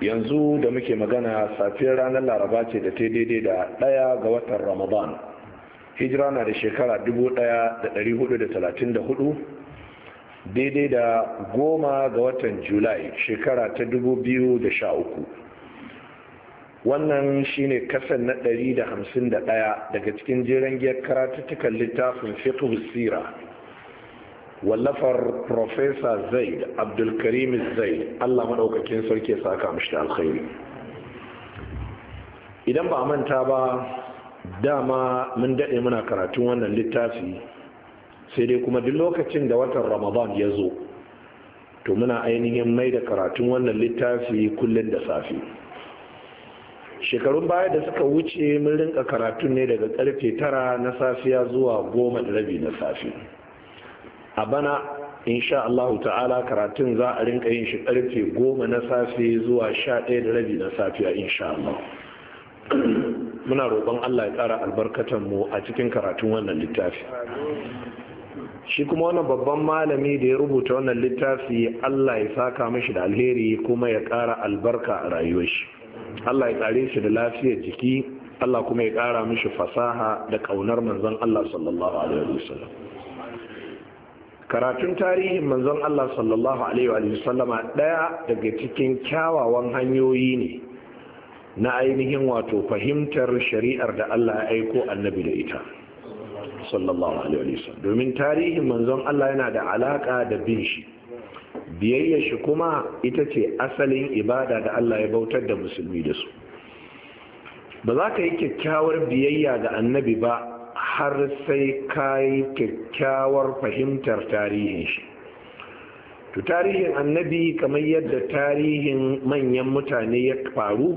yanzu da muke magana safiyar ranar laraba ce da ta daidai da ɗaya ga watan ramadan hijira na da shekara 1434 daidai da goma ga watan julai shekara ta 2013 wannan shine kasan na 151 daga cikin jiran giyar karatuttukan littafin fiqh sira wallafar profesa zaid abdulkarim zaid allah maɗaukakin sarki ya saka mashi da alkhairi idan ba manta ba dama mun daɗe muna karatun wannan littafi sai dai kuma duk lokacin da watan ramadan ya zo to muna ainihin mai da karatun wannan littafi kullum da safe shekarun baya da suka wuce mun rinka karatun ne daga karfe tara na safiya zuwa goma da rabi na safe a bana insha Allah ta'ala karatun za a rinka yin shi karfe goma na safe zuwa sha ɗaya da rabi na safiya insha Allah muna roƙon Allah ya ƙara albarkatan mu a cikin karatun wannan littafi shi kuma wannan babban malami da ya rubuta wannan littafi Allah ya saka mashi da alheri kuma ya ƙara albarka a rayuwar shi Allah ya tsare shi da lafiyar jiki Allah kuma ya ƙara mashi fasaha da ƙaunar manzon Allah sallallahu alaihi wasallam karatun tarihin manzon Allah sallallahu alaihi sallama daya daga cikin kyawawan hanyoyi ne na ainihin wato fahimtar shari'ar da Allah ya aiko annabi da ita sallallahu alaihi wa domin tarihin manzon Allah yana da alaka da bin shi biyayya shi kuma ita ce asalin ibada da Allah ya bautar da musulmi da su ba za ka yi kyakkyawar biyayya ga annabi ba har sai ka yi kyakkyawar fahimtar tarihin shi to tarihin annabi kamar yadda tarihin manyan mutane ya faru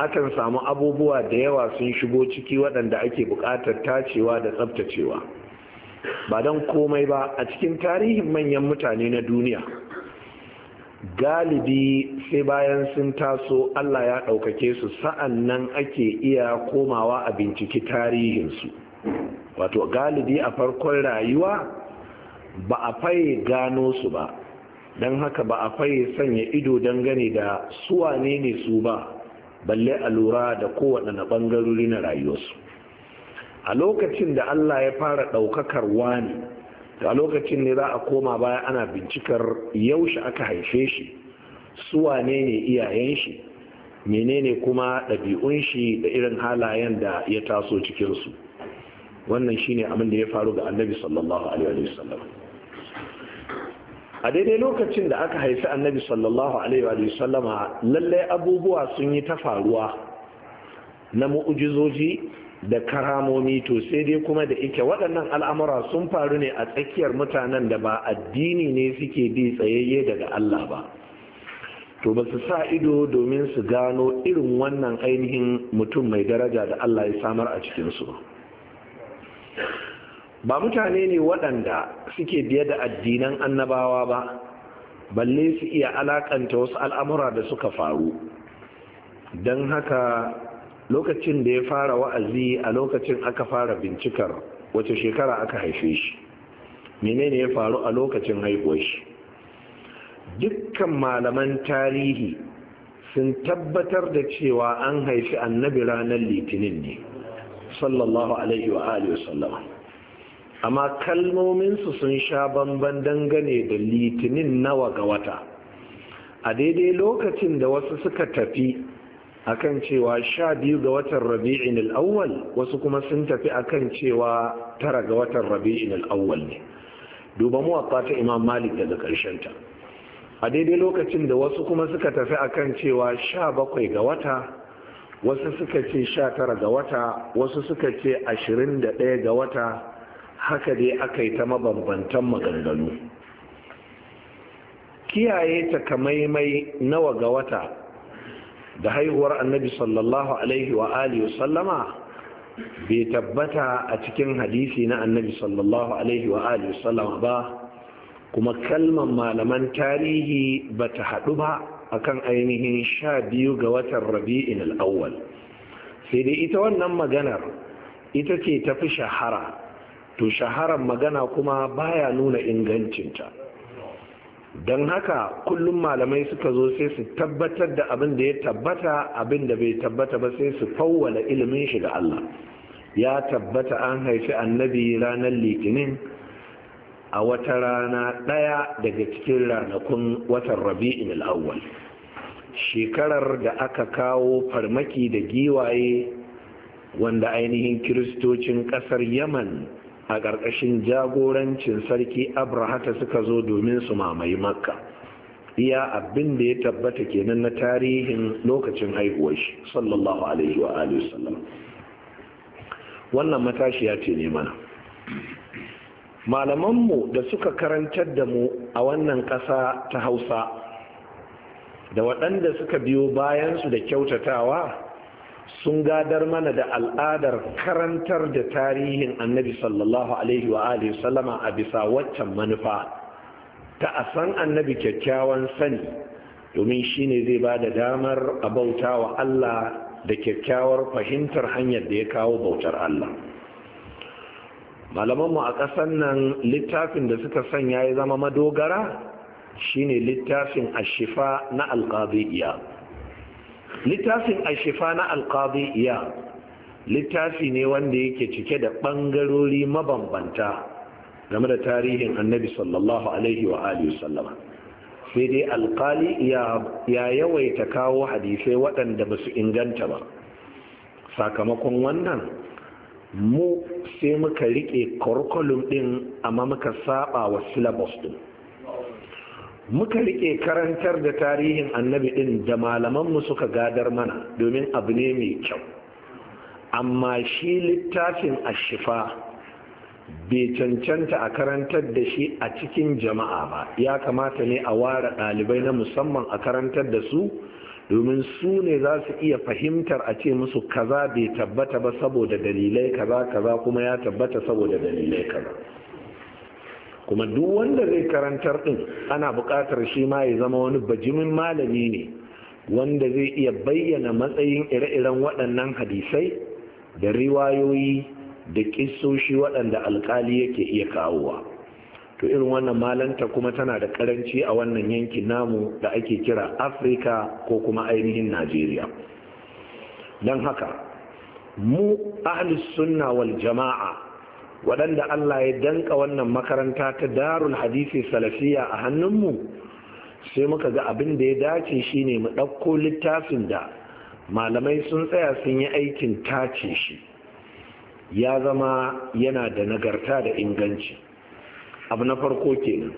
akan samu abubuwa da yawa sun shigo ciki waɗanda ake buƙatar tacewa da tsabtacewa ba don komai ba a cikin tarihin manyan mutane na duniya galibi sai bayan sun taso Allah ya ɗaukake su sa'an nan ake iya komawa a binciki tarihinsu wato galibi a farkon rayuwa ba a faye gano su ba don haka ba a faye sanya ido dangane da suwa ne su ba balle a lura da na ɓangarori na rayuwarsu a lokacin da Allah ya fara ɗaukakar wani to a lokacin ne za a koma baya ana bincikar yaushe aka haife shi suwa ne ne iyayen shi menene kuma ɗabi'un shi da irin halayen da ya taso cikinsu wannan shine abin da ya faru ga annabi sallallahu alaihi wasallam a daidai lokacin da aka haifi annabi sallallahu alaihi sallama lallai abubuwa sun yi ta faruwa na mu'ujizoji da karamomi to sai dai kuma da ike waɗannan al'amura sun faru ne a tsakiyar mutanen da ba addini ne suke bi tsayayye daga Allah ba to ba su sa ido domin su gano irin wannan ainihin mutum mai daraja da Allah ya samar a cikinsu ba mutane ne waɗanda suke biye da addinan annabawa ba balle su iya alaƙanta wasu al'amura da suka faru don haka lokacin da ya fara wa'azi a lokacin aka fara bincikar wace shekara aka haife shi menene ya faru a lokacin haihuwar shi dukkan malaman tarihi sun tabbatar da cewa an haifi annabi ranar litinin ne sallallahu alaihi wa alihi wasallam amma kalmominsu sun sha bamban dangane da litinin nawa ga wata a daidai lokacin da wasu suka tafi akan cewa sha biyu ga watan rabi'in al'awwal wasu kuma sun tafi akan cewa tara ga watan rabi'in al'awwal ne duba muwatta ta imam malik daga ta. a daidai lokacin da wasu kuma suka tafi akan cewa sha bakwai ga wata wasu suka ce sha tara ga wata wasu suka ce ashirin da ɗaya ga wata haka dai aka yi ta mabambantan maganganu kiyaye takamaimai nawa ga wata da haihuwar annabi sallallahu alaihi wa alihi sallama bai tabbata a cikin hadisi na annabi sallallahu alaihi wa alihi sallama ba kuma kalman malaman tarihi ba ta haɗu ba akan ainihin sha biyu ga watan rabi'in al'awwal sai dai ita wannan maganar ita ce tafi shahara to shaharar magana kuma baya nuna ingancinta don haka kullum malamai suka zo sai su tabbatar da abin da ya tabbata abin da bai tabbata ba sai su fawwala ilimin shi ga Allah ya tabbata an haifi annabi ranar litinin a wata rana ɗaya daga cikin ranakun watan rabi'in al'awwal shekarar da aka kawo farmaki da giwaye wanda ainihin kiristocin ƙasar yaman a ƙarƙashin jagorancin sarki abrahata suka zo domin su mamaye makka iya abin da ya tabbata kenan na tarihin lokacin haihuwar shi sallallahu alaihi wa alihi sallam wannan matashiya ce ne mana malamanmu da suka karantar da mu a wannan ƙasa ta hausa da waɗanda suka biyo bayansu da kyautatawa sun gadar mana da al'adar karantar da tarihin annabi sallallahu alaihi wa alihi sallama a bisa waccan manufa ta a san annabi kyakkyawan sani domin shine zai ba da damar a bauta wa Allah da kyakkyawar fahimtar hanyar da ya kawo bautar Allah malamanmu a ƙasar nan littafin da suka sanya ya zama madogara shine littafin ashifa na alƙadiyya littafin ashifa na alkazi iya littafi ne wanda yake cike da ɓangarori mabambanta game da tarihin annabi sallallahu alaihi wa alihi sallama sai dai alƙali ya yawaita kawo hadisai waɗanda ba su inganta ba sakamakon wannan mu sai muka riƙe curriculum ɗin amma muka saba wa syllabus ɗin muka rike karantar da tarihin annabi ɗin da malamanmu suka gadar mana domin abu ne mai kyau amma shi littafin ashifa bai cancanta a karantar da shi a cikin jama'a ba ya kamata ne a ware ɗalibai na musamman a karantar da su domin su ne za su iya fahimtar a ce musu kaza bai tabbata ba saboda dalilai kaza kaza kuma ya tabbata saboda dalilai kaza kuma duk wanda zai karantar din ana buƙatar shi ma ya zama wani bajimin malami ne wanda zai iya bayyana matsayin ire-iren waɗannan hadisai da riwayoyi da ƙisoshi waɗanda alƙali yake iya kawowa to irin wannan malanta kuma tana da karanci a wannan yankin namu da ake kira afirka ko kuma ainihin najeriya don haka mu ahlus sunna wal jama'a waɗanda Allah ya danka wannan makaranta ta darul hadisi salafiya a hannunmu sai muka ga abin da ya dace shi ne mu ɗauko littafin da malamai sun tsaya sun yi aikin tace shi ya zama yana da nagarta da inganci abu na farko kenan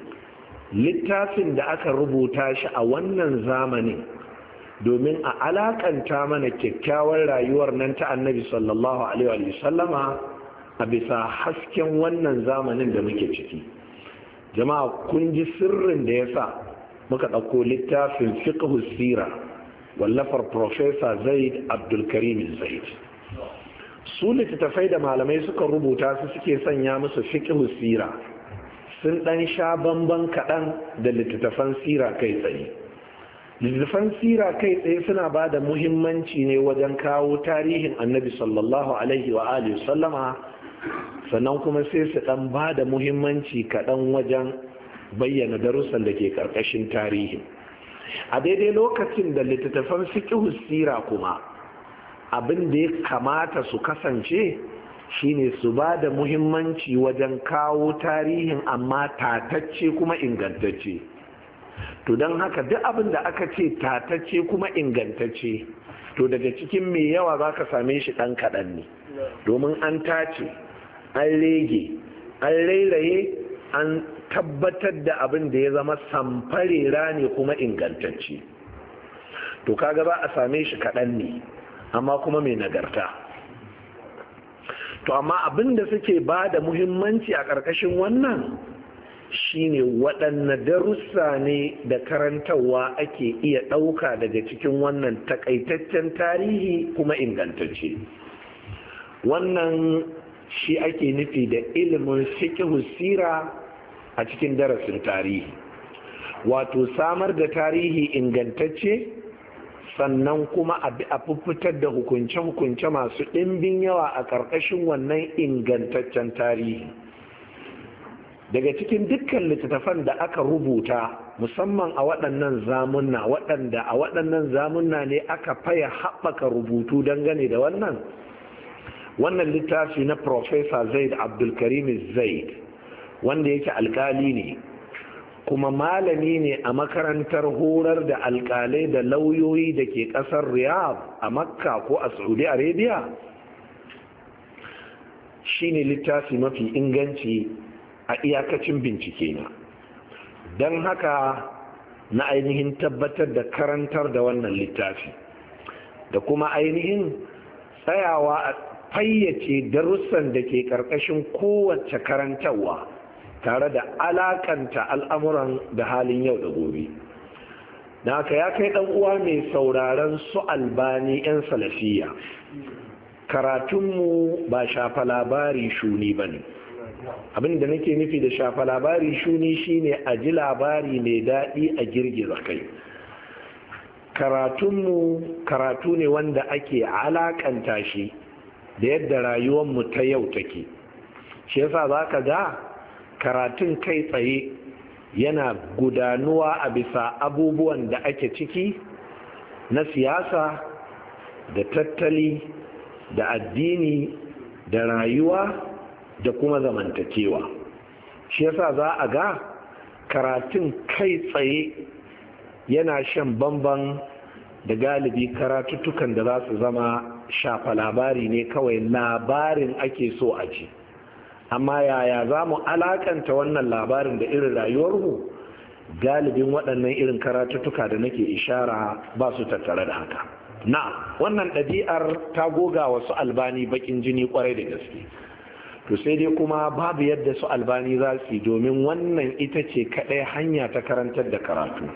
littafin da aka rubuta shi a wannan zamanin domin a alakanta mana kyakkyawar rayuwar nan ta annabi sallallahu alaihi wa a bisa hasken wannan zamanin da muke ciki jama'a kun ji sirrin da ya sa muka ɗauko littafin fiqh sira wallafar profesa zaid abdulkarim zaid su littattafai da malamai suka rubuta su suke sanya musu fiqh sira sun ɗan sha bamban kaɗan da littattafan sira kai tsaye littattafan sira kai tsaye suna ba da muhimmanci ne wajen kawo tarihin annabi sallallahu alaihi wa alihi sallama sannan kuma sai su dan ba da muhimmanci kaɗan wajen bayyana darussan da ke ƙarƙashin tarihi a daidai lokacin da littattafan suke sira kuma abin da ya kamata su kasance shine su ba da muhimmanci wajen kawo tarihin amma tatacce kuma ingantacce to don haka duk abin da aka ce tatacce kuma ingantacce to daga cikin mai yawa za ka same shi ɗan kaɗan ne domin an tace an rege an rairaye an tabbatar da abin da ya zama samfarera ne kuma ingantacce to kaga ba a same shi kaɗan ne amma kuma mai nagarta to amma abin da suke ba da muhimmanci a ƙarƙashin wannan shine waɗanne darussa ne da karantarwa ake iya ɗauka daga cikin wannan takaitaccen tarihi kuma ingantacce wannan shi ake nufi da ilimin fiqhu sira a cikin darasin tarihi wato samar da tarihi ingantacce sannan kuma a fitar da hukunce-hukunce masu ɗimbin yawa a ƙarƙashin wannan ingantaccen tarihi daga cikin dukkan littattafan da aka rubuta musamman a waɗannan zamunna waɗanda a waɗannan zamunna ne aka faya haɓaka rubutu dangane da wannan wannan littafi na professor zaid abdulkarim zaid wanda yake alkali ne kuma malami ne a makarantar horar da alkalai da lauyoyi da ke kasar riyadh a makka ko a saudi arabia Shi ne littafi mafi inganci a iyakacin bincike na don haka na ainihin tabbatar da karantar da wannan littafi da kuma ainihin tsayawa a fayyace darussan da ke ƙarƙashin kowace karantarwa tare da alaƙanta al'amuran da halin yau da gobe na ka ya kai ɗan uwa mai sauraron su albani 'yan salafiya karatunmu ba shafa labari shuni ba ne abin da nake nufi da shafa labari shuni shine a ji labari mai daɗi a girgiza kai karatunmu karatu ne wanda ake alakanta shi da yadda rayuwar mu ta yau take shi yasa za ka ga karatun kai tsaye yana gudanuwa a bisa abubuwan da ake ciki na siyasa da tattali da addini da rayuwa da kuma zamantakewa shi yasa za a ga karatun kai tsaye yana shan bamban da galibi karatuttukan da za su zama shafa labari ne kawai labarin ake so a ji amma yaya za mu alakanta wannan labarin da irin rayuwarmu galibin waɗannan irin karatuttuka da nake ishara ba su tattare da haka na wannan ɗabi'ar ta goga wasu albani bakin jini kwarai da gaske to sai dai kuma babu yadda su albani za su yi domin wannan ita ce kaɗai hanya ta karantar da karatu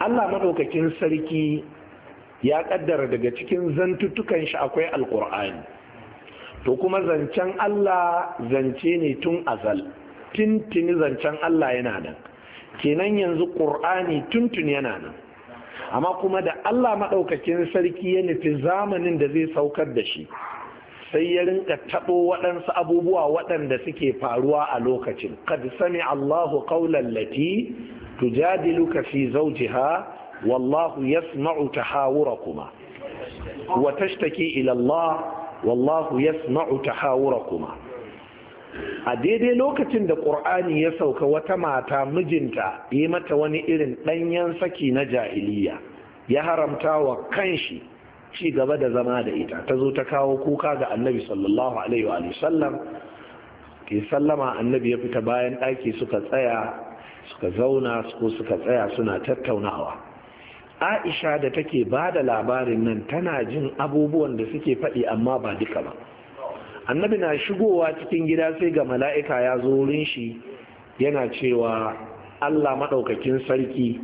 allah maɗaukakin sarki ya kaddara daga cikin zantuttukan shi akwai alkur'ani to kuma zancen Allah zance ne tun azal tintini zancen Allah yana nan kenan yanzu ƙur'ani tuntun yana nan amma kuma da Allah maɗaukakin sarki ya nufi zamanin da zai saukar da shi sai ya rinka taɓo waɗansu abubuwa waɗanda suke faruwa a lokacin qad sami Allahu qawlan lati tujadiluka fi zawjiha wallahu yasma'u tahawurakuma wa tashtaki ila Allah wallahu yasma'u a daidai lokacin da ƙur'ani ya sauka wata mata mijinta yi mata wani irin ɗanyen saki na jahiliya ya haramta wa kanshi ci gaba da zama da ita ta zo ta kawo kuka ga annabi sallallahu alaihi wa sallam ke sallama annabi ya fita bayan ɗaki suka tsaya suka zauna ko suka tsaya suna tattaunawa aisha da take ba da labarin nan tana jin abubuwan da suke faɗi amma ba duka ba annabi na shigowa cikin gida sai ga mala'ika ya zo wurin shi yana cewa allah maɗaukakin sarki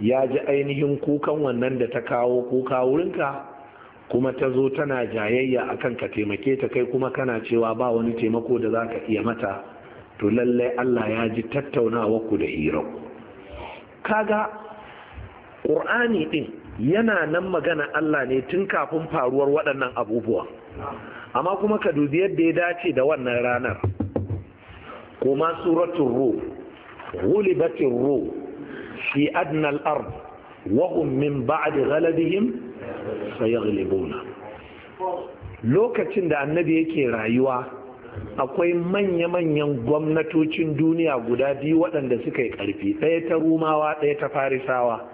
ya ji ainihin kukan wannan da ta kawo kuka wurinka kuma ta zo tana jayayya akan ka taimake ta kai kuma kana cewa ba wani taimako da za ka iya mata to lallai allah ya ji tattaunawa ku da hirar kaga ƙur'ani ɗin yana nan magana Allah ne tun kafin faruwar waɗannan abubuwa amma kuma ka dubi yadda ya dace da wannan ranar kuma suratun ru ghulibatin ru fi adnal ard wa hum min ba'di ghalabihim sayaghlibuna lokacin da annabi yake rayuwa akwai manya-manyan gwamnatocin duniya guda biyu waɗanda suka yi ƙarfi ɗaya ta rumawa ɗaya ta farisawa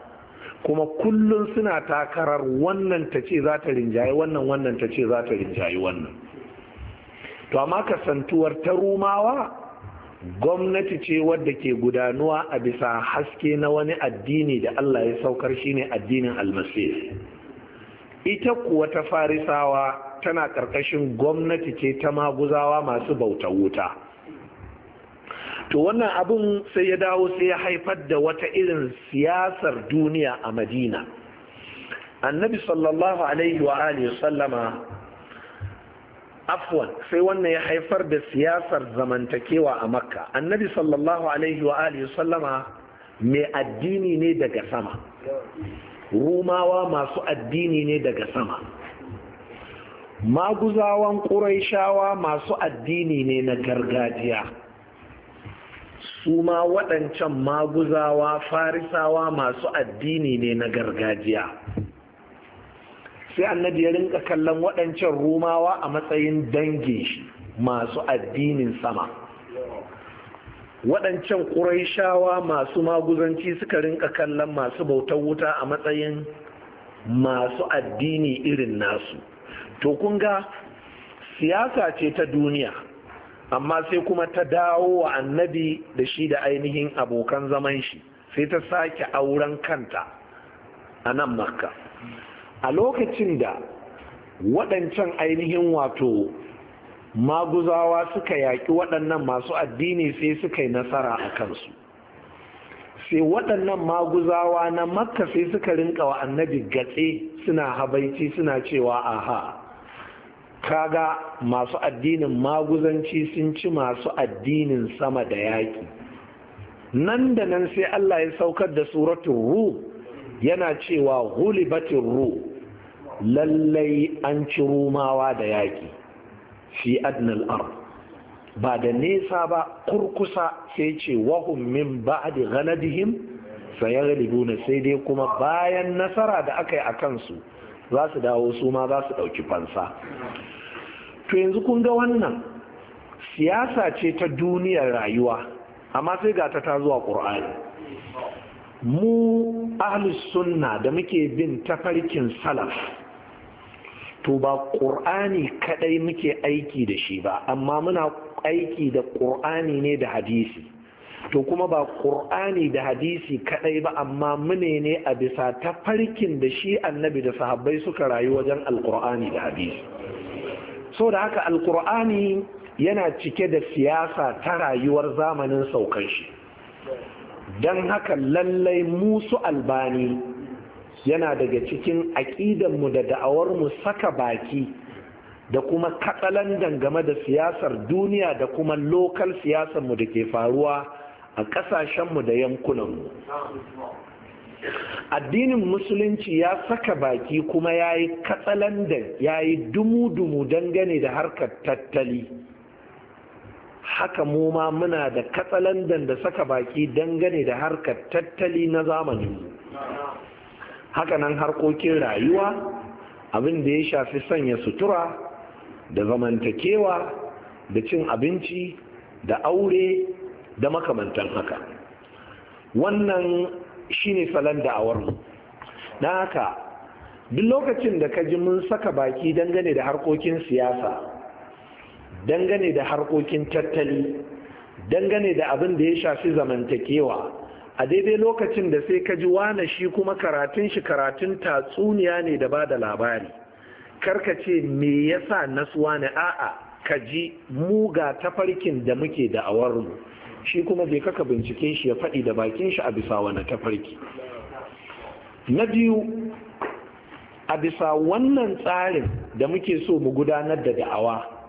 kuma kullum suna takarar wannan ta ce za ta rinjaye wannan wannan ta ce za ta rinjaye wannan to amma kasantuwar ta rumawa gwamnati ce wadda ke gudanuwa a bisa haske na wani addini da allah ya saukar shine addinin almasir ita kuwa ta farisawa tana ƙarƙashin gwamnati ce ta maguzawa masu bauta wuta to wannan abin sai ya dawo sai ya haifar da wata irin siyasar duniya a madina annabi sallallahu alaihi wa alihi sallama afwan sai wannan ya haifar da siyasar zamantakewa a makka annabi sallallahu alaihi wa alihi sallama mai addini ne daga sama rumawa masu addini ne daga sama maguzawan ƙuraishawa masu addini ne na gargajiya su ma waɗancan maguzawa farisawa masu addini ne na gargajiya sai annabi ya rinka kallon waɗancan rumawa a matsayin dangin shi masu addinin sama waɗancan ƙuraishawa masu maguzanci suka rinka kallon masu bautar wuta a matsayin masu addini irin nasu to kun ga siyasa ce ta duniya amma sai kuma ta dawo wa annabi da shi da ainihin abokan zaman shi sai ta sake auren kanta a nan makka a lokacin da waɗancan ainihin wato maguzawa suka yaƙi waɗannan masu addini sai suka yi nasara a kansu sai waɗannan maguzawa na makka sai suka rinka wa annabi gatse suna habaici suna cewa aha kaga masu addinin maguzanci sun ci masu addinin sama da yaƙi nan da nan sai Allah ya saukar da suratun ru yana cewa hulibatin ru lallai an ci rumawa da yaƙi fi adnal ar ba da nesa ba kurkusa sai ce wahum min ba'di ghanadihim sayaglibuna sai dai kuma bayan nasara da aka yi a kansu za su dawo su ma za su ɗauki fansa to yanzu kun ga wannan siyasa ce ta duniyar rayuwa amma sai ga ta ta zuwa ƙur'ani mu ahlus sunna da muke bin tafarkin salaf to ba ƙur'ani kaɗai muke aiki da shi ba amma muna aiki da ƙur'ani ne da hadisi to kuma ba ƙur'ani da hadisi kaɗai ba amma mune ne a bisa ta farkin da shi annabi da sahabbai suka rayu wajen alƙur'ani da hadisi so da haka alƙur'ani yana cike da siyasa ta rayuwar zamanin saukan shi don haka lallai musu albani yana daga cikin aƙidanmu da da'awarmu saka baki da kuma katsalandan game da siyasar duniya da kuma lokal siyasarmu da ke faruwa a ƙasashenmu da yankunanmu addinin musulunci ya saka baki kuma ya yi da ya yi dumu-dumu dangane da harkar tattali haka muma, muna da katsalandan da saka baki dangane da harkar tattali na zamaninmu nan, harkokin rayuwa abin da ya shafi sanya sutura da zamantakewa da cin abinci da aure da makamantan haka wannan shine salon da'awarmu Na haka duk lokacin da ka ji mun saka baki dangane da harkokin siyasa dangane da harkokin tattali dangane da abin da ya shafi zamantakewa a daidai lokacin da sai ka ji wane shi kuma karatun shi karatun tatsuniya ne da ba da labari karka ce me yasa nasuwa ne a'a ka ji muga tafarkin da muke da'awarmu shi kuma zai kaka binciken shi ya faɗi da bakin shi a bisa wani tafarki na biyu a bisa wannan tsarin da muke so mu gudanar da da'awa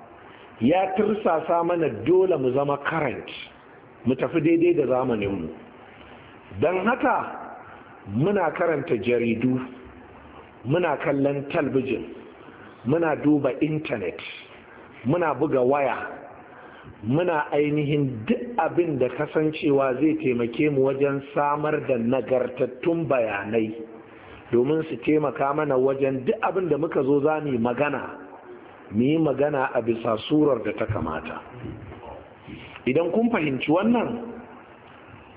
ya tursasa mana dole mu zama current mu tafi daidai da zamaninmu don haka muna karanta jaridu muna kallon talbijin muna duba intanet muna buga waya muna ainihin duk abin da kasancewa zai taimake mu wajen samar da nagartattun bayanai domin su taimaka mana wajen duk abin da muka zo za mu magana mu yi magana a bisa surar da ta kamata idan kun fahimci wannan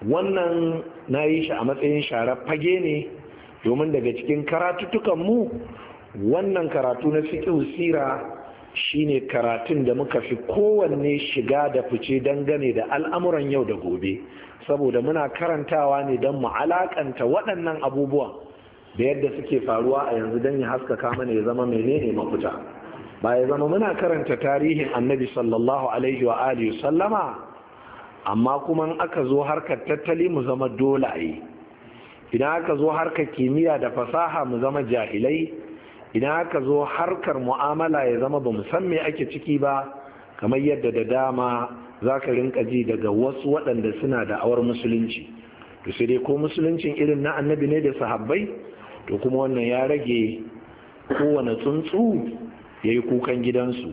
wannan na yi shi a matsayin sharafage fage ne domin daga cikin karatuttukanmu wannan karatu na fiƙin sira shine karatun da muka fi kowanne shiga da fice dangane da al'amuran yau da gobe saboda muna karantawa ne don mu alakanta waɗannan abubuwan da yadda suke faruwa a yanzu don ya haskaka mana ya zama menene mafita ba ya zama muna karanta tarihin annabi sallallahu alaihi wa alihi sallama amma kuma aka zo harkar tattali mu zama dolaye idan aka zo harkar kimiyya da fasaha mu zama jahilai idan aka zo harkar mu'amala ya zama ba san me ake ciki ba kamar yadda da dama za ka rinka ji daga wasu waɗanda suna da awar musulunci to sai dai ko musuluncin irin na annabi ne da sahabbai to kuma wannan ya rage kowane tsuntsu ya yi kukan gidansu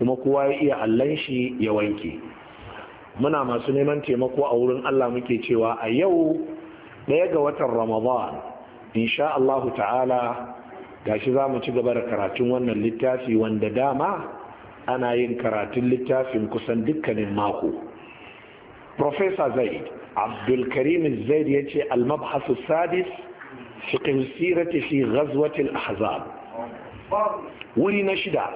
kuma kowa ya iya allon shi ya wanke muna masu neman taimako a wurin allah muke cewa a yau ɗaya ga watan ramadan insha allahu ta'ala Ga shi za mu ci gaba da karatun wannan littafi wanda dama ana yin karatun littafin kusan dukkanin mako professor zaid abdulkarim zaid ya ce almabhasu sadis fiqh sirati fi ghazwati ahzab wuri na shida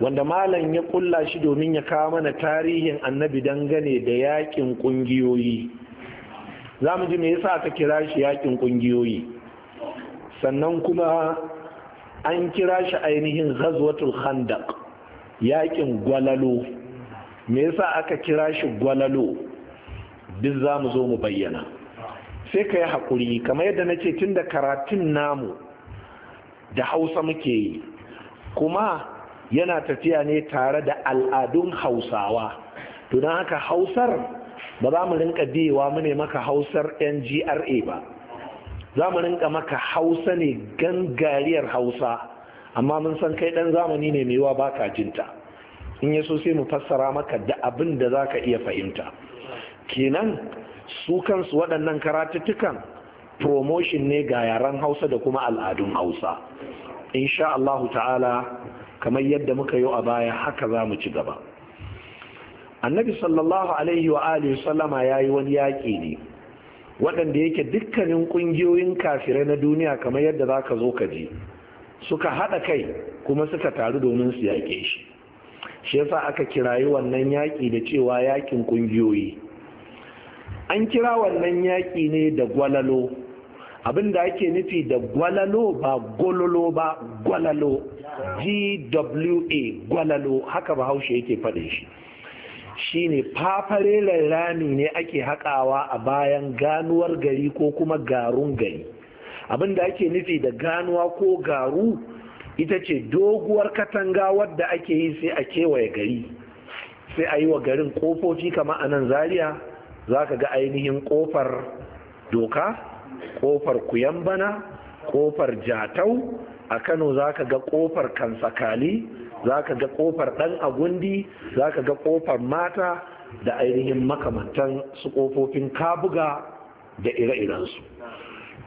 wanda malam ya kulla shi domin ya kawo mana tarihin annabi dangane da yakin kungiyoyi za mu ji me yasa aka kira shi yakin kungiyoyi sannan kuma an kira shi ainihin ghazwatul khandaq yakin gwalalo me yasa aka kira shi gwalalo duk za mu zo mu bayyana sai ka yi haƙuri kamar yadda na ce tun da karatun namu da hausa muke yi kuma yana tafiya ne tare da al'adun hausawa to don haka hausar ba za mu rinka biyewa mu ne maka hausar ngra ba zamanin ka maka hausa ne gangariyar hausa amma mun san kai ɗan zamani ne mai wa baka jinta in yaso sai mu fassara maka da abin da za ka iya fahimta kenan su kansu waɗannan karatuttukan promotion ne ga yaran hausa da kuma al'adun hausa insha Allah ta'ala kamar yadda muka yi a baya haka za mu ci gaba annabi sallallahu alaihi wa alihi sallama ya yi wani yaƙi ne waɗanda yake dukkanin ƙungiyoyin kafirai na duniya kamar yadda za ka zo ka ji suka haɗa kai kuma suka taru domin su yaƙe shi shi yasa aka kirayi wannan yaƙi da cewa yaƙin ƙungiyoyi an kira wannan yaƙi ne da gwalalo abin da ake nufi da gwalalo ba gwalalo ba gwalalo gwa haka ba haushe yake faɗin shi. Shi ne fafare rami ne ake haƙawa a bayan ganuwar gari ko kuma garun gari abin da ake nufi da ganuwa ko garu ita ce doguwar katanga wadda ake yi sai a kewaye gari sai a yi wa garin ƙofofi kama a nan zariya za ka ga ainihin ƙofar doka ƙofar kuyambana ƙofar jatau a kano za ka ga ƙofar kansakali za ka ga kofar ɗan agundi za ka ga kofar mata da ainihin makamantan su kofofin kabuga da ire-irensu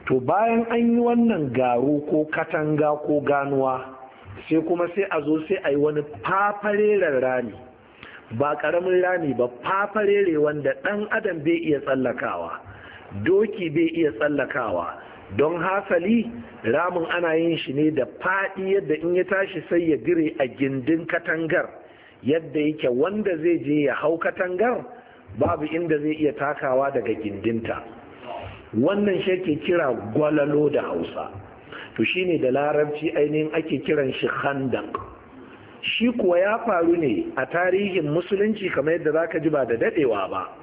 to bayan an yi wannan garu ko katanga ko ganuwa sai kuma sai a zo sai a yi wani fafareren rami ba ƙaramin rami ba fafarere wanda ɗan adam bai iya tsallakawa doki bai iya tsallakawa don hasali ramin ana yin shi ne da faɗi yadda in ya tashi sai ya gire a gindin katangar yadda yake wanda zai je ya hau katangar babu inda zai iya takawa daga gindinta wannan shi ke kira gwalalo da hausa to shi ne da larabci ainihin ake kiran shi handan shi kuwa ya faru ne a tarihin musulunci kamar yadda za ka ji ba da daɗewa ba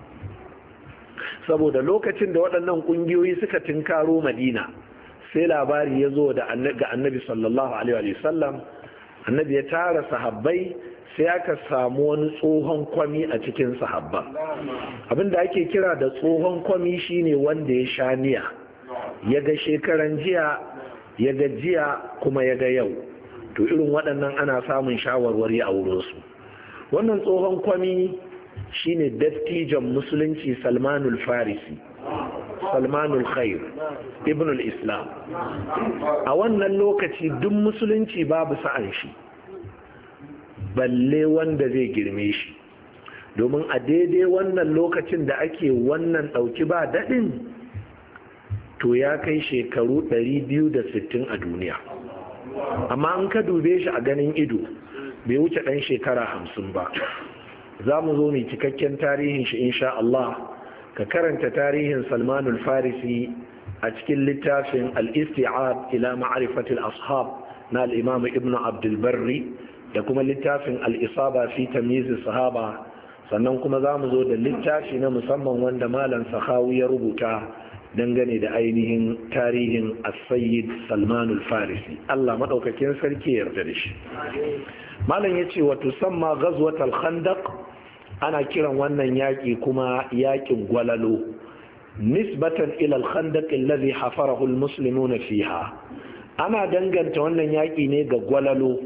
saboda lokacin da waɗannan ƙungiyoyi suka tinkaro madina sai labari ya zo ga annabi sallallahu alaihi wasallam annabi ya tara sahabbai sai aka samu wani tsohon kwami a cikin sahabban abinda ake kira da tsohon kwami shine wanda ya sha niya ya ga shekaran jiya ya ga jiya kuma ya ga yau to irin waɗannan ana samun shawarwari a wurinsu wannan tsohon kwami shine dattijan musulunci salmanul farisi salmanul khair ibnul islam a wannan lokaci duk musulunci babu sa'an shi balle wanda zai girme shi domin a daidai wannan lokacin da ake wannan ɗauki ba daɗin to ya kai shekaru 260 a duniya amma an ka dube shi a ganin ido bai wuce ɗan shekara 50 ba za mu zo mai cikakken tarihin shi insha Allah ka karanta tarihin salmanul farisi a cikin littafin al-isti'ab ila ma'arifatul ashab na al-imam ibn abdul barri da kuma littafin al-isaba fi tamyiz sahaba sannan kuma za mu zo da littafi na musamman wanda malam sahawi ya rubuta dangane da ainihin tarihin as-sayyid salman al-farisi Allah madaukakin sarki yarda da shi malam yace wa tusamma ghazwat al-khandaq ana kiran wannan yaƙi kuma yaƙin gwalalo nisbatan ila al-khandaq alladhi hafarahu al-muslimuna fiha ana danganta wannan yaƙi ne ga gwalalo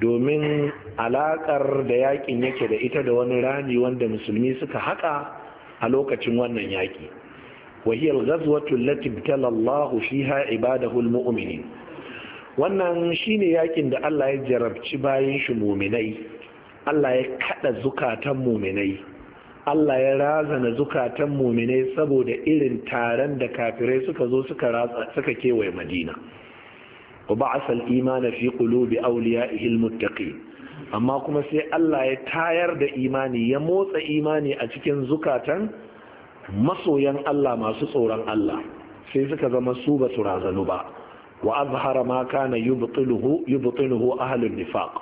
domin alakar da yakin yake da ita da wani rani wanda musulmi suka haka a lokacin wannan yaƙi. وهي الغزوة التي ابتلى الله فيها عباده المؤمنين wannan shine yakin da Allah ya jarabci bayan shi muminai Allah ya kada zukatan muminai Allah ya razana zukatan muminai saboda irin taron da kafirai suka zo suka ratsa suka kewaye Madina wa ba'asa al-iman fi qulubi awliya'ihi al-muttaqin amma kuma sai Allah ya tayar da imani ya motsa imani a cikin zukatan masoyan Allah masu tsoron Allah sai suka zama su ba su razanu ba wa azhara ma kana yubtiluhu yubtiluhu ahlun nifaq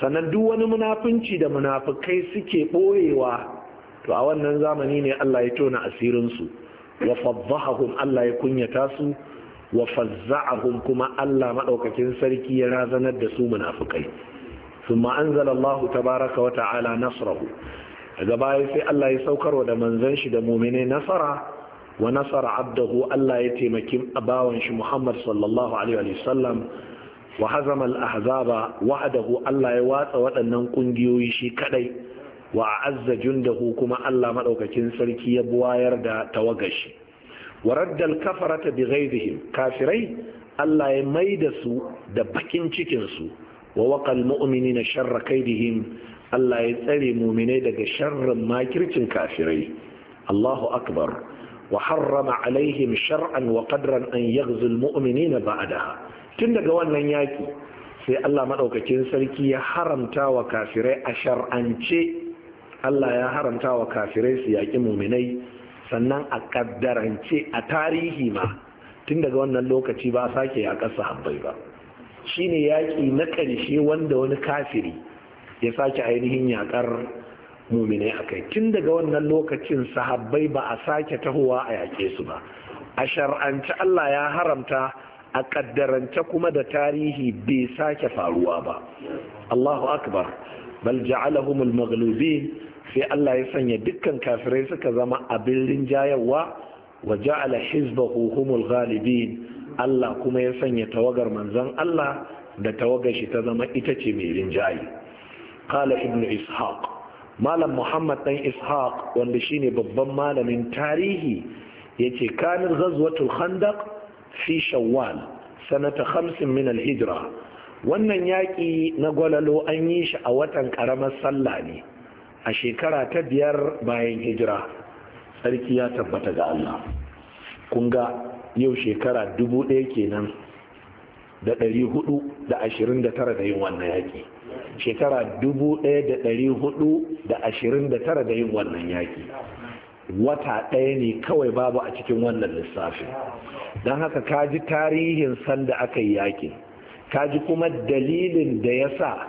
sannan duk wani munafinci da munafikai suke boyewa to a wannan zamani ne Allah ya tona asirin su wa faddahahum Allah ya kunyata su wa fazza'ahum kuma Allah madaukakin sarki ya razanar da su munafikai thumma anzala Allah tabaaraka wa ta'ala nasrahu daga baya sai Allah ya saukarwa da manzan shi da mumine nasara wa nasara abdahu Allah ya taimaki abawan shi Muhammad sallallahu alaihi wa sallam wa hazama al-ahzaba wa'adahu, Allah ya watsa waɗannan kungiyoyi shi kadai wa azza jundahu kuma Allah madaukakin sarki ya buwayar da tawagashi wa radda al-kafarata bi ghayrihim kafirai Allah ya maida su da bakin cikin su wa waqal mu'minina sharra kaidihim Allah ya tsare muminai daga sharrin makircin kafirai Allahu akbar wa harrama alaihim shar'an wa qadran an yaghzu almu'minina ba'daha tun daga wannan yaki sai Allah madaukakin sarki ya haramta wa kafirai a shar'ance Allah ya haramta wa kafirai su yaƙi muminai sannan a ƙaddarance a tarihi ma tun daga wannan lokaci ba sake ya ƙasa habbai ba shine yaƙi na ƙarshe wanda wani kafiri ya sake ainihin yaƙar mumine a kai tun daga wannan lokacin sahabbai ba a sake tahowa a yaƙe su ba a shar'anci Allah ya haramta a ƙaddarance kuma da tarihi bai sake faruwa ba Allahu akbar bal ja'alahumul maghlubin sai Allah ya sanya dukkan kafirai suka zama abin rinjayarwa wa ja'ala hizbahu humul ghalibin Allah kuma ya sanya tawagar manzon Allah da tawagar shi ta zama ita ce mai rinjayi qala ibnu ishaq malam muhammad Ɗan ishaq wanda shine babban malamin tarihi yace kanin ghazwatul khandaq fi shawwal sanata 5 min al wannan yaƙi na gwalalo an yi shi a watan ƙaramar sallah ne a shekara ta biyar bayan hijira tsarki ya tabbata ga Allah kunga yau shekara dubu ɗaya kenan da ɗari hudu da ashirin da tara da yin wannan yaƙi shekara dubu 1429 da hudu da da ashirin yin wannan yaki wata ɗaya ne kawai babu a cikin wannan lissafi don haka kaji tarihin sanda aka yi yaƙi kaji kuma dalilin da ya sa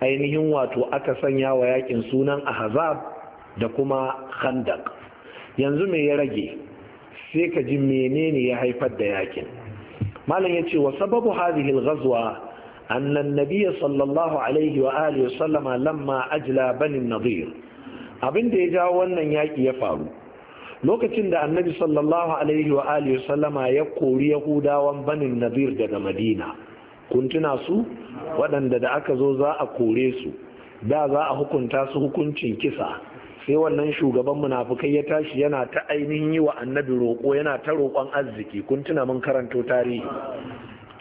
ainihin wato aka sanya wa yaƙin sunan ahzab da kuma Handak. yanzu me ya rage sai ka ji menene ya haifar da yaƙin malam ya ce wa sababu hazihil gazuwa أن النبي صلى الله عليه وآله وسلم لما أجلى بني النظير abin da ya jawo wannan yaki ya faru lokacin da annabi sallallahu alaihi wa alihi ya kori yahudawan banin Nazir daga madina kuntuna su waɗanda da aka zo za a kore su da za a hukunta su hukuncin kisa sai wannan shugaban munafukai ya tashi yana ta ainihin yi wa annabi roƙo yana ta roƙon arziki kuntuna mun karanto tarihi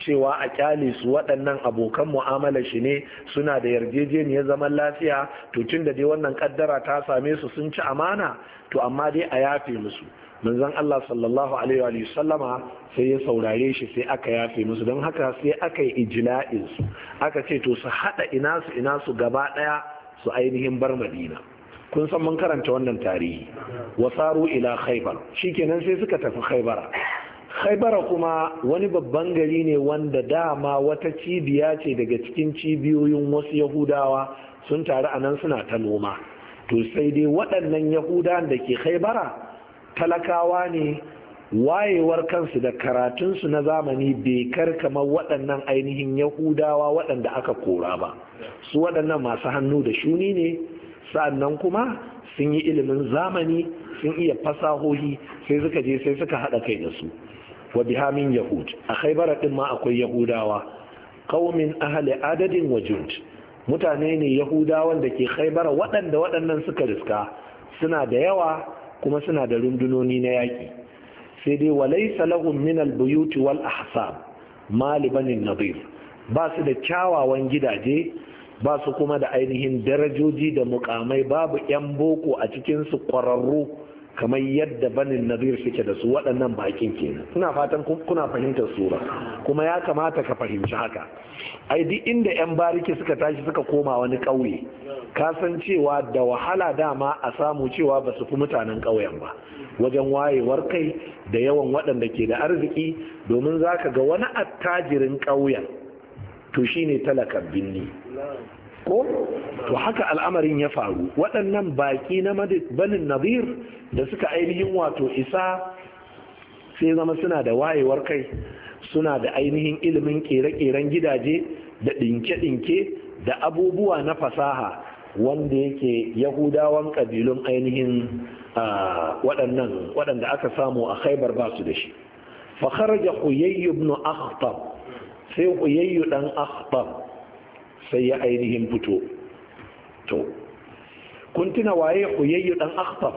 cewa a kyale su waɗannan abokan mu'amala shi ne suna da yarjejeniyar zaman lafiya to tun da dai wannan kaddara ta same su sun ci amana to amma dai a yafe musu manzon Allah sallallahu alaihi wa sallama sai ya saurare shi sai aka yafe musu don haka sai aka yi ijla'in su aka ce to su hada ina su ina su gaba daya su ainihin bar Madina kun san mun karanta wannan tarihi wasaru ila khaybar shikenan sai suka tafi khaybar khaibara kuma wani babban gari ne wanda dama wata cibiya ce daga cikin cibiyoyin wasu yahudawa sun taru a nan suna ta noma to sai dai waɗannan yahudawan da ke khaibara talakawa ne wayewar kansu da karatunsu na zamani bai kar kamar waɗannan ainihin yahudawa waɗanda aka kora ba su waɗannan masu hannu da shuni ne sa'annan kuma sun yi ilimin zamani sun iya fasahohi sai suka je sai suka haɗa kai da su wa bihamin yahud a khaibara din ma akwai yahudawa qaumin ahli adadin wa jund mutane ne yahudawan da ke khaibara waɗanda waɗannan suka riska suna da yawa kuma suna da rundunoni na yaƙi sai dai walaysa lahum min al-buyut wal ahsab malibanin nadir ba su da kyawawan gidaje ba su kuma da ainihin darajoji da mukamai babu 'yan boko a cikin su ƙwararru kamar yadda banin nazir suke da su waɗannan bakin kenan fatan kuna fahimtar sura kuma ya kamata ka fahimci haka ai duk inda yan bariki suka tashi suka koma wani ƙauye ka san cewa da wahala dama a samu cewa ba su fi mutanen ƙauyen ba wajen wayewar kai da yawan waɗanda ke da arziki domin za ka ga wani attajirin ƙauyen to shine talakan binni ko to haka al'amarin ya faru waɗannan baƙi na banin nazir da suka ainihin wato isa sai zama suna da wayewar kai suna da ainihin ilimin ƙere-ƙeren gidaje da ɗinke-ɗinke da abubuwa na fasaha wanda yake yahudawan ƙabilun ainihin waɗannan waɗanda aka samu a khaibar ba su da shi kharaja huyayyu ibn akhtab sai huyayyu dan akhtab sai ya ainihin fito to kun waye huyayyu dan akhtar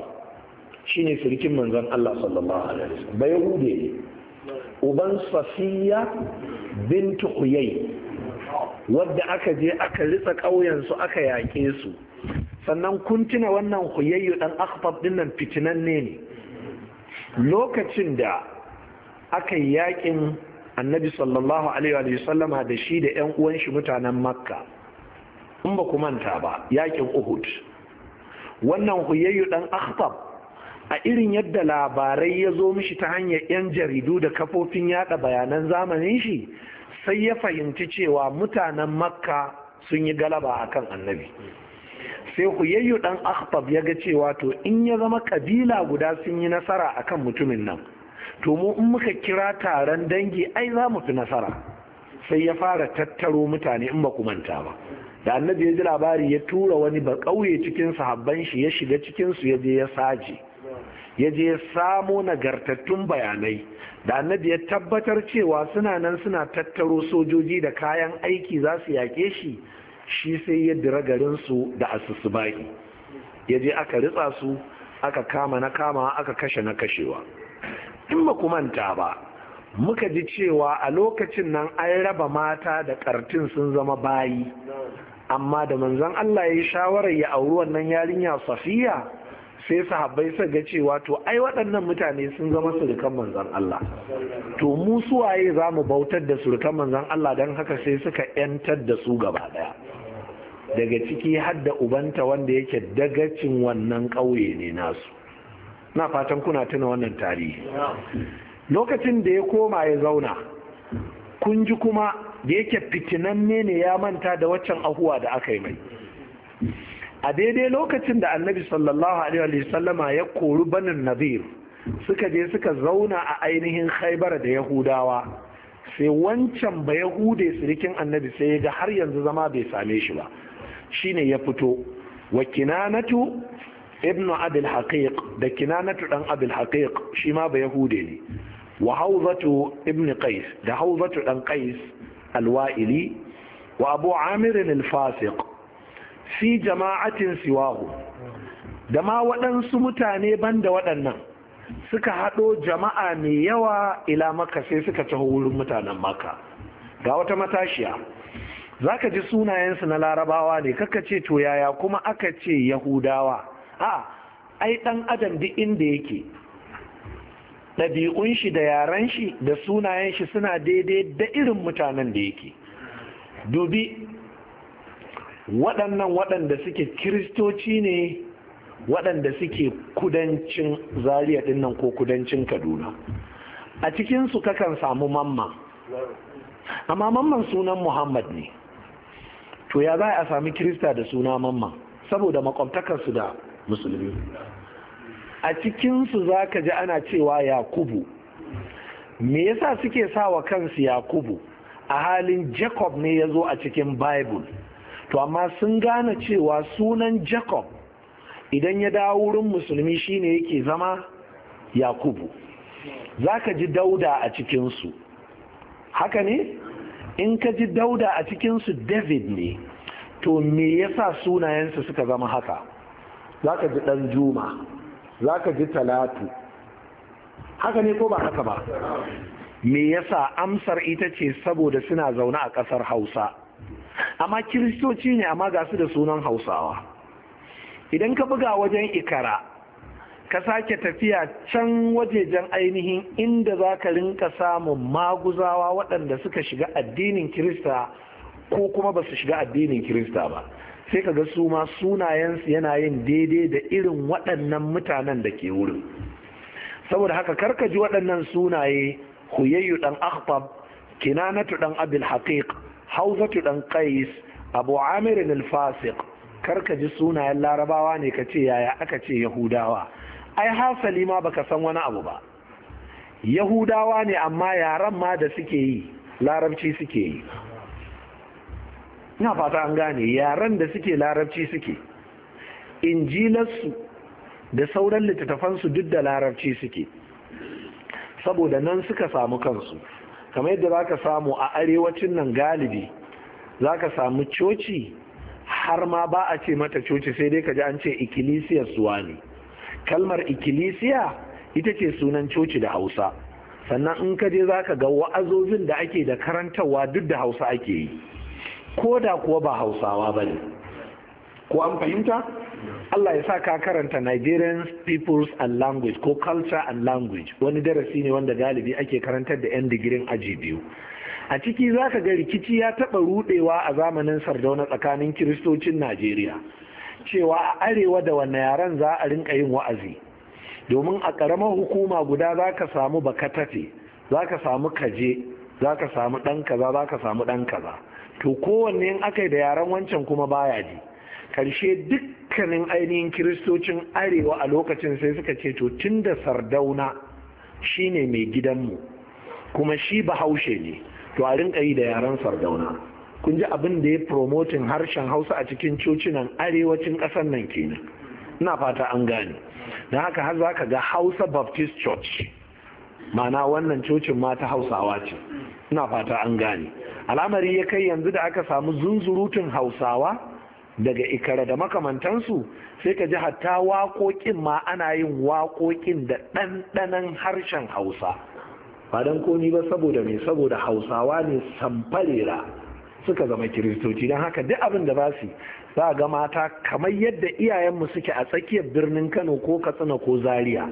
shine sirkin manzon Allah sallallahu alaihi wasallam bai hude ne uban safiya bintu huyay wadda aka je aka ritsa ƙauyensu aka yaƙe su sannan kuntuna wannan huyayyu ɗan akhtar dinnan fitinanne ne lokacin da aka yi yaƙin annabi sallallahu alaihi wa sallama da shi da yan uwan shi mutanen makka in ba ku manta ba yakin uhud wannan huyayyu dan akhtab a irin yadda labarai ya zo mishi ta hanyar yan jaridu da kafofin yada bayanan zamanin shi sai ya fahimci cewa mutanen makka sun yi galaba akan annabi sai huyayyu dan akhtab ya ga cewa to in ya zama kabila guda sun yi nasara akan mutumin nan to mu in muka kira taron dangi ai za mu fi nasara sai ya fara tattaro mutane in ba ku manta ba da annabi ya ji labari ya tura wani ba ƙauye cikin sahabban shi ya shiga cikin su ya je ya saje ya je ya samo nagartattun bayanai da annabi ya tabbatar cewa suna nan suna tattaro sojoji da kayan aiki za su yaƙe shi shi sai ya dira su da asusuba'i ya je aka ritsa su aka kama na kama aka kashe na kashewa in ba ku manta ba muka ji cewa a lokacin nan an raba mata da ƙartin sun zama bayi amma da manzan Allah ya yi shawarar ya auri wannan yarinya safiya sai sahabbai sun ga cewa to ai waɗannan mutane sun zama surukan manzan Allah to mu suwaye za mu bautar da surukan manzan Allah don haka sai suka yantar da su gaba ɗaya daga ciki hadda ubanta wanda yake dagacin wannan ƙauye ne nasu na fatan kuna tuna wannan tarihi lokacin da ya koma ya zauna kun ji kuma da yake fitinanne ne ya manta da waccan ahuwa da aka yi mai a daidai lokacin da annabi sallallahu alaihi sallama ya kori banin nazir suka je suka zauna a ainihin khaibar da yahudawa sai wancan ba yahude sirikin annabi sai ya ga har yanzu zama bai same shi ba shine ya fito wa kinanatu ibnu abil haqiq da kinanatu ɗan abil haqiq shima ma ba yahude ne wa hawzatu ibn qais da Hauzatu Ɗan qais alwa'ili wa abu amir al-fasiq fi jama'atin siwahu da ma waɗansu mutane banda waɗannan suka haɗo jama'a mai yawa ila maka sai suka taho wurin mutanen maka ga wata matashiya zaka ji sunayensu na larabawa ne kaka ce to yaya kuma aka ce yahudawa a ai dan adam duk inda yake ɗabi'un shi da yaren shi da sunayen shi suna daidai da irin mutanen da yake dubi waɗannan waɗanda suke kiristoci ne waɗanda suke kudancin zariya dinnan ko kudancin kaduna a cikinsu kakan samu mamma amma mamman sunan muhammad ne to ya za a sami kirista da suna mamma saboda makwabtakarsu da musulmi a cikinsu za ka ji ana cewa yakubu me yasa suke sa wa kansu yakubu a halin jacob ne ya zo a cikin bible to amma sun gane cewa sunan jacob idan ya dawo wurin musulmi shine yake zama yakubu za ka ji dauda a cikinsu haka ne in ka ji dauda a cikinsu david ne to me yasa sunayensu suka zama haka za ka ji ɗan juma za ka ji talatu haka ne ko ba haka ba me yasa amsar ita ce saboda suna zaune a ƙasar hausa amma kiristoci ne amma ga su da sunan hausawa idan ka buga wajen ikara ka sake tafiya can wajejen ainihin inda za ka rinka samun maguzawa waɗanda suka shiga addinin kirista ko kuma ba su shiga addinin kirista ba sai ka ga su ma sunayensu yana yin daidai da irin waɗannan mutanen da ke wurin saboda haka karka ji waɗannan sunaye huyayyu ɗan akhtab kinanatu ɗan abil haqiq hauzatu ɗan qais abu amir al-fasiq karka ji sunayen larabawa ne ka ce yaya aka ce yahudawa ai hasali ma baka san wani abu ba yahudawa ne amma yaran ma da suke yi larabci suke yi ina fata an gane yaren da suke larabci suke injilarsu da sauran littattafansu duk da larabci suke saboda nan suka samu kansu kamar yadda za ka samu a arewacin nan galibi za ka samu coci har ma ba a ce mata coci sai dai ka ji an ce ikilisiyar suwa ne kalmar ikilisiya ita ce sunan coci da hausa sannan in ka je za ka ga wa'azozin da ake da karantarwa duk da hausa ake yi ko da kuwa ba hausawa ba ne ko an fahimta Allah ya sa ka karanta Nigerian peoples and language ko culture and language wani darasi ne wanda galibi ake karantar da 'yan digirin aji biyu a ciki za ka ga rikici ya taɓa rudewa a zamanin sardauna tsakanin kiristocin Najeriya cewa a arewa da wanne yaren za a rinka yin wa'azi domin a ƙaramar hukuma guda za ka samu bakatafe za ka samu kaje za ka samu ɗan kaza za ka samu ɗan kaza to kowanne in aka yi da yaren wancan kuma baya ji karshe dukkanin ainihin kiristocin arewa a lokacin sai suka ce to tun da sardauna shine mai gidanmu kuma shi bahaushe ne to a rinka yi da yaren sardauna kun ji abin da ya promotin harshen hausa a cikin cocinan arewacin ƙasar nan kenan ina fata an gane don haka har za ka ga hausa baptist church mana wannan cocin mata hausawa ce ina fata an gane al'amari ya kai yanzu da aka samu zunzurutun hausawa daga ikara da makamantansu sai ka ji hatta waƙoƙin ma ana yin waƙoƙin da ɗanɗanan harshen hausa ba don koni ba saboda mai saboda hausawa ne samfalera suka zama kiristoci don haka duk abin da ba su za a ga mata kamar yadda iyayenmu suke a tsakiyar birnin kano ko katsina ko zaria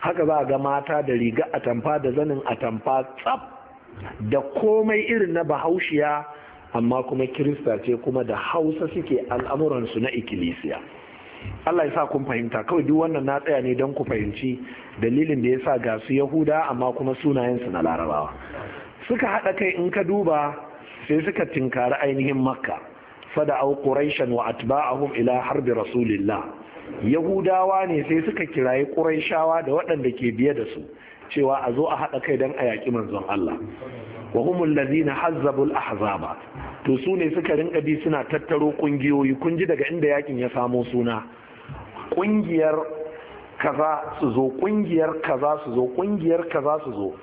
haka za a ga mata da riga atamfa da zanin atamfa tsaf da komai irin na bahaushiya amma kuma kirista ce kuma da hausa suke al'amuransu na ikkilisiya Allah ya sa kun fahimta kawai duk wannan na tsaya ne don ku fahimci dalilin da ya sa ga su yahuda amma kuma sunayensu na larabawa suka haɗa kai in ka duba sai suka tinkari ainihin makka fada au quraishan wa atba'ahum ila harbi rasulillah yahudawa ne sai suka kirayi ƙuraishawa da waɗanda ke biye da su cewa a zo a haɗa kai don a yaƙi manzon Allah wa humul ladina hazzabul ahzaba to su ne suka rinka bi suna tattaro kungiyoyi kun ji daga inda yakin ya samo suna kungiyar kaza su zo kungiyar kaza su zo kungiyar kaza su zo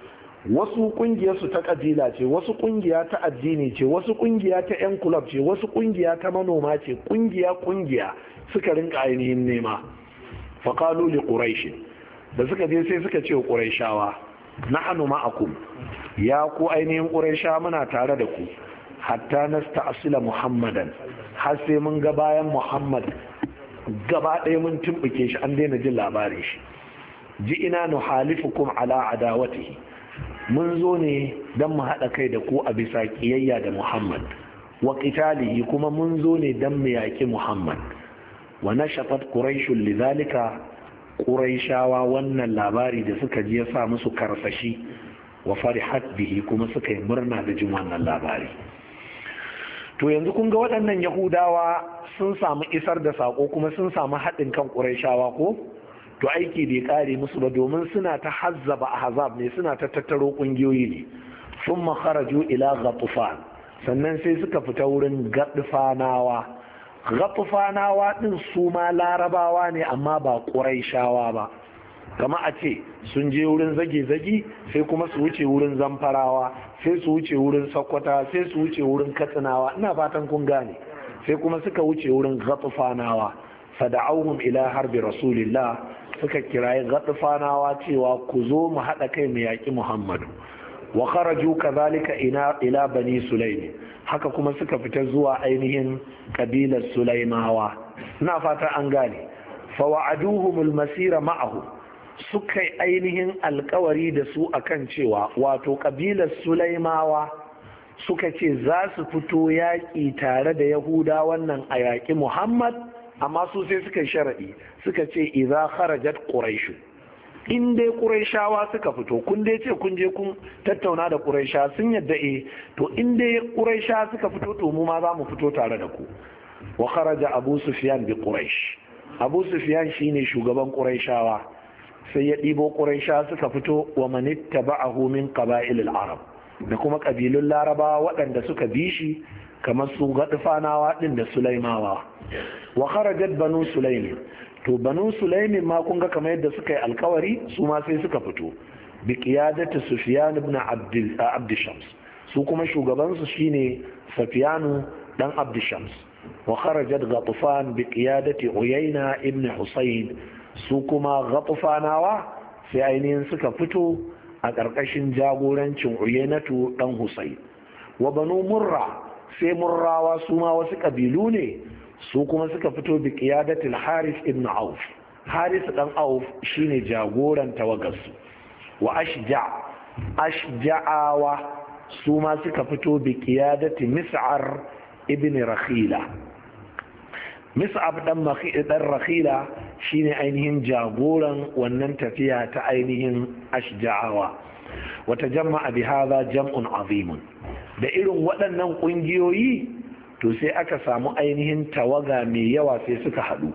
wasu ƙungiyarsu ta kabila ce wasu ƙungiya ta addini ce wasu ƙungiya ta 'yan kulab ce wasu ƙungiya ta manoma ce ƙungiya ƙungiya suka rinka ainihin nema faƙalu li ƙuraishi da suka je sai suka ce ƙuraishawa na hannu ma'akum ya ku ainihin ƙuraisha muna tare da ku hatta nastasila muhammadan har sai mun ga bayan muhammad gaba ɗaya mun tumɓuke shi an daina jin labarin shi ji ina nuhalifukum ala adawatihi mun zo ne don mu haɗa kai da ku a bisa ƙiyayya da muhammad wa ƙitalihi kuma mun zo ne don mu yaƙi muhammad wa na shafat quraishul lizalika quraishawa wannan labari da suka je ya sa musu karsashi wa farihat bihi kuma suka yi murna da jin wannan labari to yanzu kun ga waɗannan yahudawa sun samu isar da saƙo kuma sun samu haɗin kan ƙuraishawa ko to aiki da ya kare musu ba domin suna ta hazzaba hazab ne suna ta tattaro ƙungiyoyi ne sun kharaju ila ghatufan sannan sai suka fita wurin gadufanawa ghatufanawa din su ma larabawa ne amma ba shawa ba kama a ce sun je wurin zage-zage sai kuma su wuce wurin zamfarawa sai su wuce wurin sakwata sai su wuce wurin katsinawa ina fatan kun gane sai kuma suka wuce wurin ghatufanawa fada'auhum ila harbi rasulillah suka kiraye gadfanawa cewa ku zo mu haɗa kai mu yaƙi muhammadu wa kharaju kadhalika ina ila bani sulaimi haka kuma suka fita zuwa ainihin kabilar sulaimawa na fata an gane fa wa'aduhumul masira ma'ahu suka yi ainihin alkawari da su akan cewa wato kabilar sulaimawa suka ce za su fito yaƙi tare da yahuda wannan a yaƙi muhammad amma su sai suka yi sharaɗi suka ce za kharajat quraishu in dai quraishawa suka fito kun dai ce kun je kun tattauna da quraisha sun yadda eh to in dai quraisha suka fito to mu ma za mu fito tare da ku wa kharaja abu sufyan bi quraish abu sufyan shine shugaban quraishawa sai ya ɗibo quraisha suka fito wa manittaba'ahu min qaba'il al-arab da kuma ƙabilun larabawa waɗanda suka bi shi kamar su gadfanawa ɗin da sulaimawa wa kharajat banu sulaimi to banu sulaimi ma kun ga kamar yadda suka yi alkawari su ma sai suka fito bi qiyadati sufyan ibn abd shams su kuma shugaban su shine safiyanu dan abd shams wa kharajat ghatfan bi qiyadati uyayna ibn husayn su kuma ghatfanawa sai ainihin suka fito a ƙarƙashin jagorancin uyainatu dan husayn wa banu murra sai murrawa su ma wasu ƙabilu ne su kuma suka fito bi qiyadatil haris ibn auf haris dan auf shine jagoran tawagarsu wa ashja ashja'awa su ma suka fito bi qiyadati mis'ar ibn rakhila mis'ab dan dan rakhila shine ainihin jagoran wannan tafiya ta ainihin ashja'awa wata jama'a bi hadha jam'un azimun da irin waɗannan ƙungiyoyi to sai aka samu ainihin tawaga mai yawa sai suka haɗu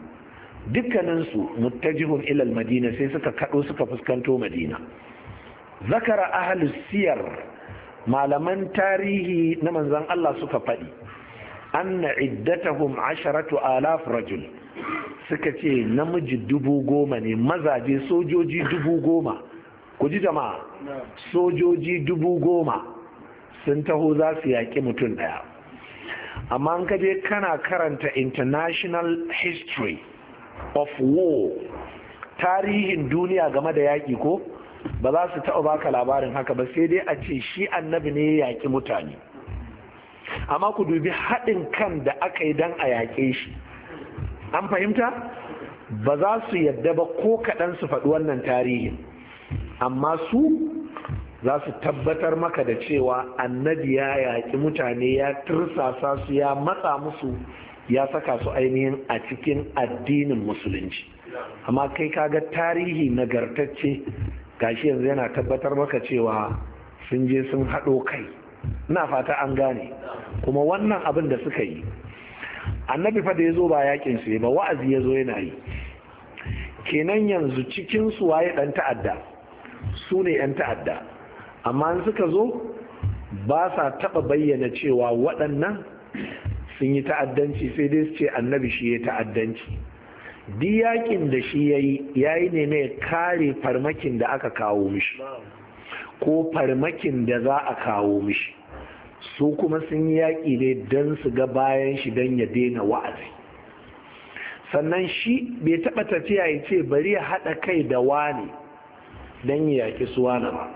dukkaninsu muttajihun ilal madina sai suka kaɗo suka fuskanto madina zakara ahalus siyar malaman tarihi na manzan Allah suka faɗi anna iddatahum asharatu alaf rajul suka ce namiji dubu goma ne mazaje sojoji dubu goma ku ji jama'a sojoji dubu goma sun taho za su yaƙi mutum ɗaya amma an kaje kana karanta international history of war tarihin duniya game da yaƙi ko ba za su taɓa baka labarin haka ba sai dai a ce shi annabi ne ya yaƙi mutane amma ku dubi haɗin kan da aka yi don a yaƙe shi an fahimta ba za su yadda ba ko kaɗan su faɗi wannan tarihin amma su za su tabbatar maka da cewa annabi ya yaƙi mutane ya tursasa su ya matsa musu ya saka su ainihin a cikin addinin musulunci amma kai kaga tarihi nagartacce gashi yanzu yana tabbatar maka cewa sun je sun haɗo kai ina fata an gane kuma wannan abin da suka yi annabi fa da ya zo ba yakin su ba wa'azi ya zo yana yi kenan yanzu cikinsu waye ɗan ta'adda su ne yan ta'adda amma in suka zo ba sa taɓa bayyana cewa waɗannan sun yi ta'addanci sai dai su ce annabi shi ya ta'addanci duk yakin da shi ya yi ya yi ne kare farmakin da aka kawo mishi ko farmakin da za a kawo mishi su kuma sun yi yaƙi ne don su ga bayan shi don ya daina wa'azi sannan shi bai taɓa tafiya ya ce bari ya haɗa kai da wani don ya yaƙi su wani ba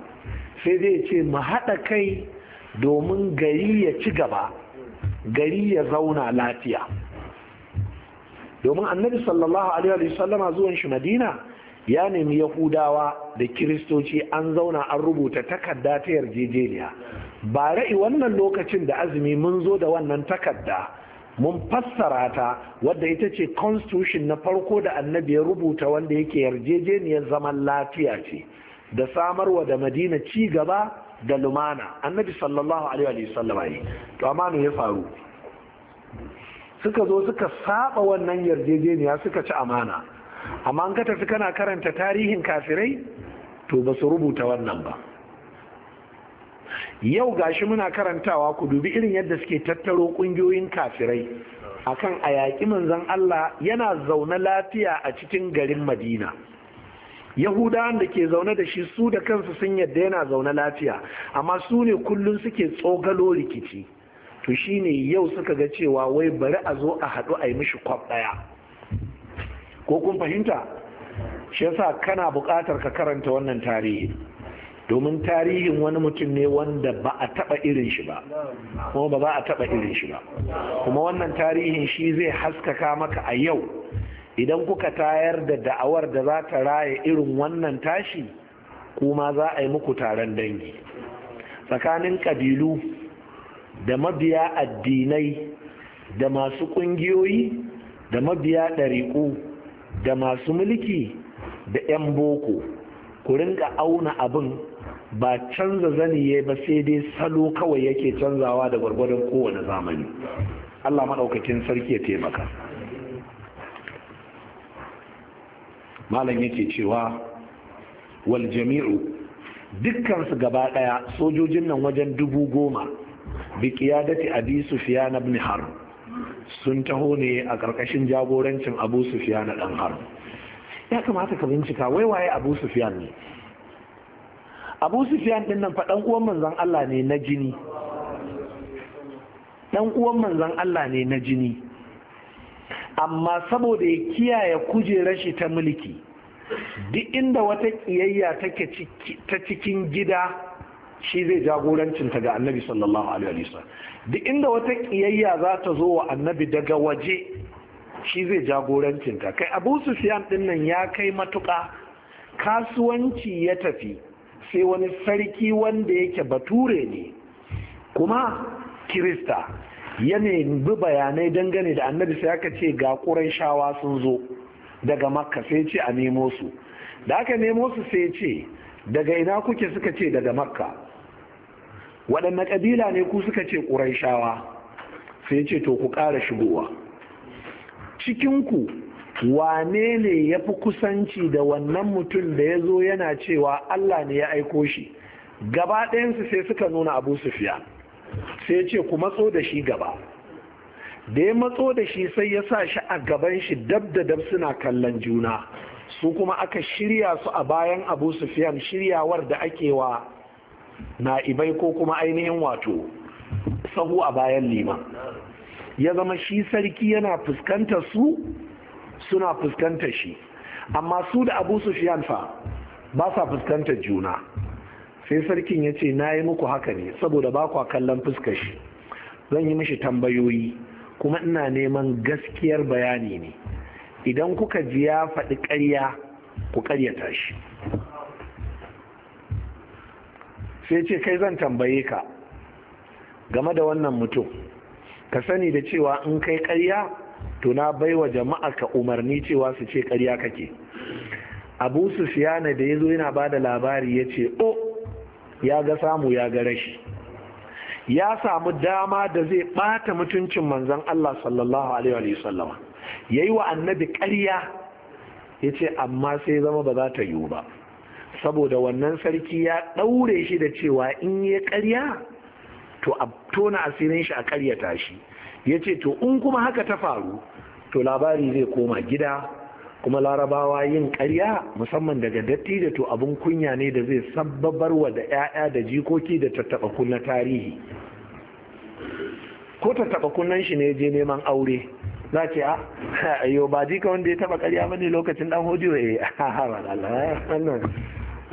sai zai ce mu haɗa kai domin gari ya ci gaba gari ya zauna lafiya domin annabi sallallahu alaihi wasallama zuwan shi madina ya nemi yahudawa da kiristoci an zauna an rubuta takarda ta yarjejeniya ba ra'i wannan lokacin da azumi mun zo da wannan takarda mun fassara ta wadda ita ce constitution na farko da annabi ya rubuta wanda yake yarjejeniyar zaman lafiya ce da samarwa da madina ci gaba da lumana annabi sallallahu alaihi wa sallam ne to amma ya faru suka zo suka saba wannan yarjejeniya suka ci amana amma an ka tafi kana karanta tarihin kafirai to ba su rubuta wannan ba yau gashi muna karantawa ku dubi irin yadda suke tattaro kungiyoyin kafirai akan a yaƙi manzon Allah yana zaune lafiya a cikin garin Madina yahudawan da ke zaune da shi su da kansu sun yadda yana zaune lafiya amma su ne kullum suke tsogalo rikici to shi ne yau suka ga cewa wai bari a zo a haɗu a yi mishi kwab ɗaya ko kun fahimta shi yasa kana buƙatar ka karanta wannan tarihi domin tarihin wani mutum ne wanda ba a taɓa irin shi ba kuma ba za a taɓa irin shi ba kuma wannan tarihin shi zai haskaka maka a yau idan kuka tayar da da'awar da za ta raya irin wannan tashi kuma za a yi muku taron dangi tsakanin ƙabilu da mabiya addinai da masu ƙungiyoyi da mabiya ɗariƙu da masu mulki da 'yan boko ku rinka auna abin ba canza zaniye ba sai dai salo kawai yake canzawa da gwargwadon kowane zamani allah maɗaukakin sarki ya taimaka malam yake cewa wal jami'u su gaba daya sojojin nan wajen dubu goma bi qiyadati abi sufyan ibn harb sun taho ne a karkashin jagorancin abu sufyan dan harb ya kamata ka bincika wai waye abu sufyan ne abu sufyan din nan fa dan uwan manzon Allah ne na jini dan uwan manzon Allah ne na jini amma saboda ya kiyaye kujerar shi ta mulki duk inda wata kiyayya ta cikin gida shi zai jagorancin ta ga annabi sallallahu alaihi wasallam duk inda wata kiyayya za ta zo wa annabi daga waje shi zai jagorancin ta. kai abu sufyan din nan ya kai matuƙa kasuwanci ya tafi sai wani sarki wanda yake bature ne kuma kirista ya bi bayanai dangane da annabi sai aka ce ga shawa sun zo daga makka sai ce a nemo su da aka nemo su sai ce daga ina kuke suka ce daga makka waɗanne ƙabila ne ku suka ce shawa? sai ce to ku ƙara shigowa cikinku wane ne ya fi kusanci da wannan mutum da ya zo yana cewa allah ne ya aiko shi gaba ɗayansu sai suka nuna abu sufiya sai ce ku matso da shi gaba da ya matso da shi sai ya sa shi a gaban shi dab da dab suna kallon juna su kuma aka shirya su a bayan abu sufiyan shiryawar da ake wa na'ibai ko kuma ainihin wato sahu a bayan liman ya zama shi sarki yana fuskanta su suna fuskanta shi amma su da abu sufiyan fa ba sa fuskantar juna sai sarkin ya ce na yi muku haka ne saboda ba kwa kallon fuskar shi zan yi mishi tambayoyi kuma ina neman gaskiyar bayani ne idan kuka ji ya faɗi ƙarya ku ƙaryata shi sai ce kai zan tambaye ka game da wannan mutum ka sani da cewa in kai ƙarya to na baiwa jama'a ka umarni cewa su ce ƙarya kake abu sufiyana da ya zo yana ba da labari ya ce o oh, ya ga samu ya ga rashi ya samu dama da zai bata mutuncin manzon Allah sallallahu alaihi wa sallama yayi wa annabi ƙarya yace amma sai zama ba za ta yiwu ba saboda wannan sarki ya ɗaure shi da cewa in ya ƙarya to a tona asirin shi a ƙaryata shi yace to in kuma haka ta faru to labari zai koma gida kuma larabawa yin ƙarya musamman daga datti da to abin kunya ne da zai sabbabar wa da 'ya'ya da jikoki da tattaɓa kunna tarihi ko tattaɓa kunnan shi ne je neman aure za ce a ah, ayo ba jika wanda ya taɓa ƙarya ba ne lokacin ɗan hodiyo ya eh,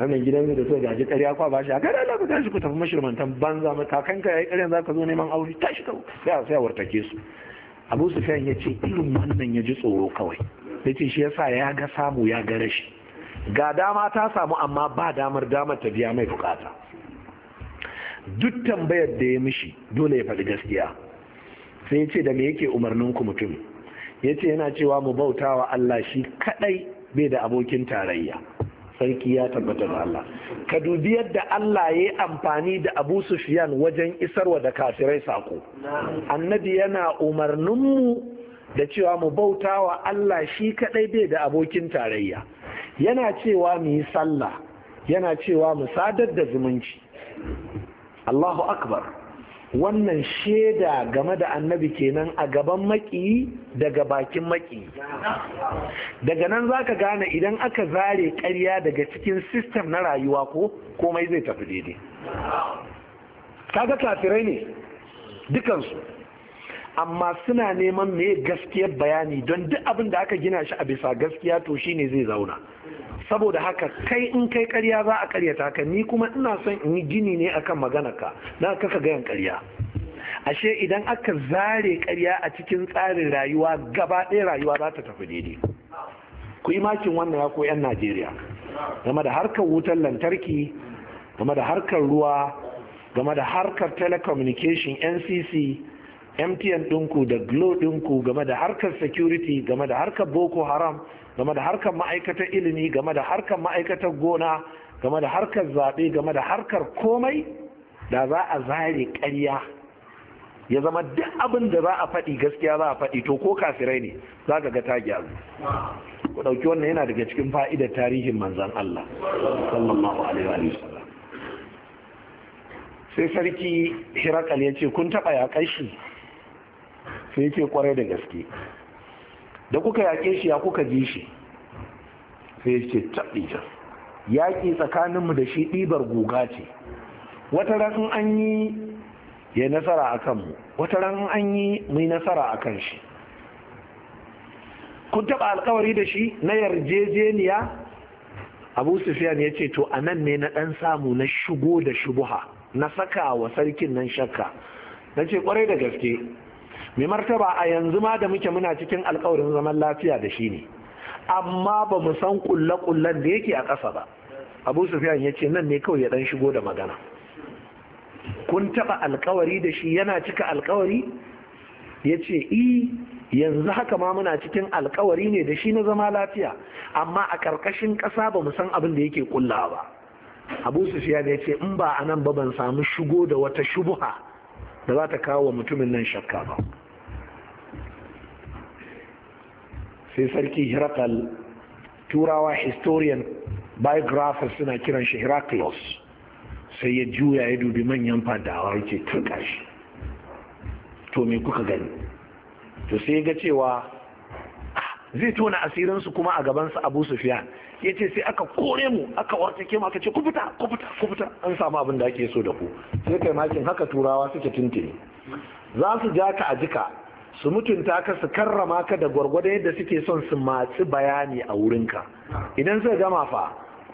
yi wannan gidan da so gaji ƙarya kwa ba shi a kan ku tashi ku tafi mashirmantan banza matakanka ya yi ƙaryan za ka zo neman aure tashi ka sai a wartake su abu sufyan ya ce irin wannan ya ji tsoro kawai ya ce shi yasa ya ga samu ya ga rashi ga dama ta samu amma ba damar damar ta biya mai bukata duk tambayar da ya mishi dole ya faɗi gaskiya sai ya ce da me yake umarnin ku mutum ya ce yana cewa mu bautawa Allah shi kaɗai bai da abokin tarayya sarki ya tabbata da Allah ka dubi yadda Allah ya yi amfani da Abu Sufyan wajen isarwa da kafirai sako annabi yana umarninmu da cewa mu bauta wa Allah shi kadai bai da abokin tarayya yana cewa mu yi sallah yana cewa mu sadar da zumunci Allahu akbar wannan shaida game da annabi kenan a gaban maki daga bakin maki daga nan zaka gane idan aka zare ƙarya daga cikin sistem na rayuwa ko komai zai tafi daidai kaga kafirai ne dukansu amma suna neman me gaskiyar bayani don duk abin da aka gina shi a bisa gaskiya to shine zai zauna saboda haka kai in kai karya za a karyata ka ni kuma ina son in yi gini ne akan magana ka na kaka gayan karya ashe idan aka zare karya a cikin tsarin rayuwa gaba ɗaya rayuwa za ta tafi daidai ku yi makin wannan ya ko 'yan najeriya game da harkar wutar lantarki game da harkar ruwa game da harkar telecommunication ncc mtn ɗinku da glo ɗinku game da harkar security game da harkar boko haram game da harkar ma'aikatar ilimi game da harkar ma'aikatar gona game da harkar zaɓe game da harkar komai da za a zare ƙarya ya zama duk abin da za a faɗi gaskiya za a faɗi to ko kafirai ne za ka ga ta gyaru ku ɗauki wannan yana daga cikin fa'idar tarihin manzan Allah sallallahu alaihi wa sai sarki hirakal ya ce kun taɓa yaƙar shi sai ke kwarai da gaske da kuka yaƙe shi ya kuka ji shi sai ce taɓijar yaƙi tsakaninmu da shi ɗibar guga ce wata ran an yi ya nasara a kanmu wata ran an yi mai nasara a kan shi kun taɓa alkawari da shi na yarjejeniya abu sufiyan ya ce to a nan ne na ɗan samu na shigo da shubuha na saka wa sarkin nan shakka na ce kwarai da gaske mai martaba a yanzu ma da muke muna cikin alkawarin zaman lafiya da shi ne amma ba mu san kulle-kullen da yake a ƙasa ba abu sufiyan ya ce nan ne kawai ya ɗan shigo da magana kun taɓa alkawari da shi yana cika alkawari ya ce i e, yanzu haka ma muna cikin alkawari ne da shi na zama lafiya amma a ƙarƙashin ƙasa ba mu san abin da yake kullawa ba abu sufiyan ya ce in ba a nan ba ban samu shigo da wata shubuha da za ta kawo wa mutumin nan shakka ba sai sarki hirakal turawa historian biographers suna kiran shi hiraklos sai ya juya ya dubi manyan fadawa yake turka shi to me kuka gani to sai ga cewa zai tona asirinsu kuma a gabansa abu sufiyan ya ce sai aka kore mu aka wartake mu aka ce ku fita ku fita ku fita an samu abin da ake so da ku sai kai makin haka turawa suke tuntuni za su ja ka a jika su mutunta ka su karrama ka da gwargwadon yadda suke son su matsi bayani a wurinka idan zai gama fa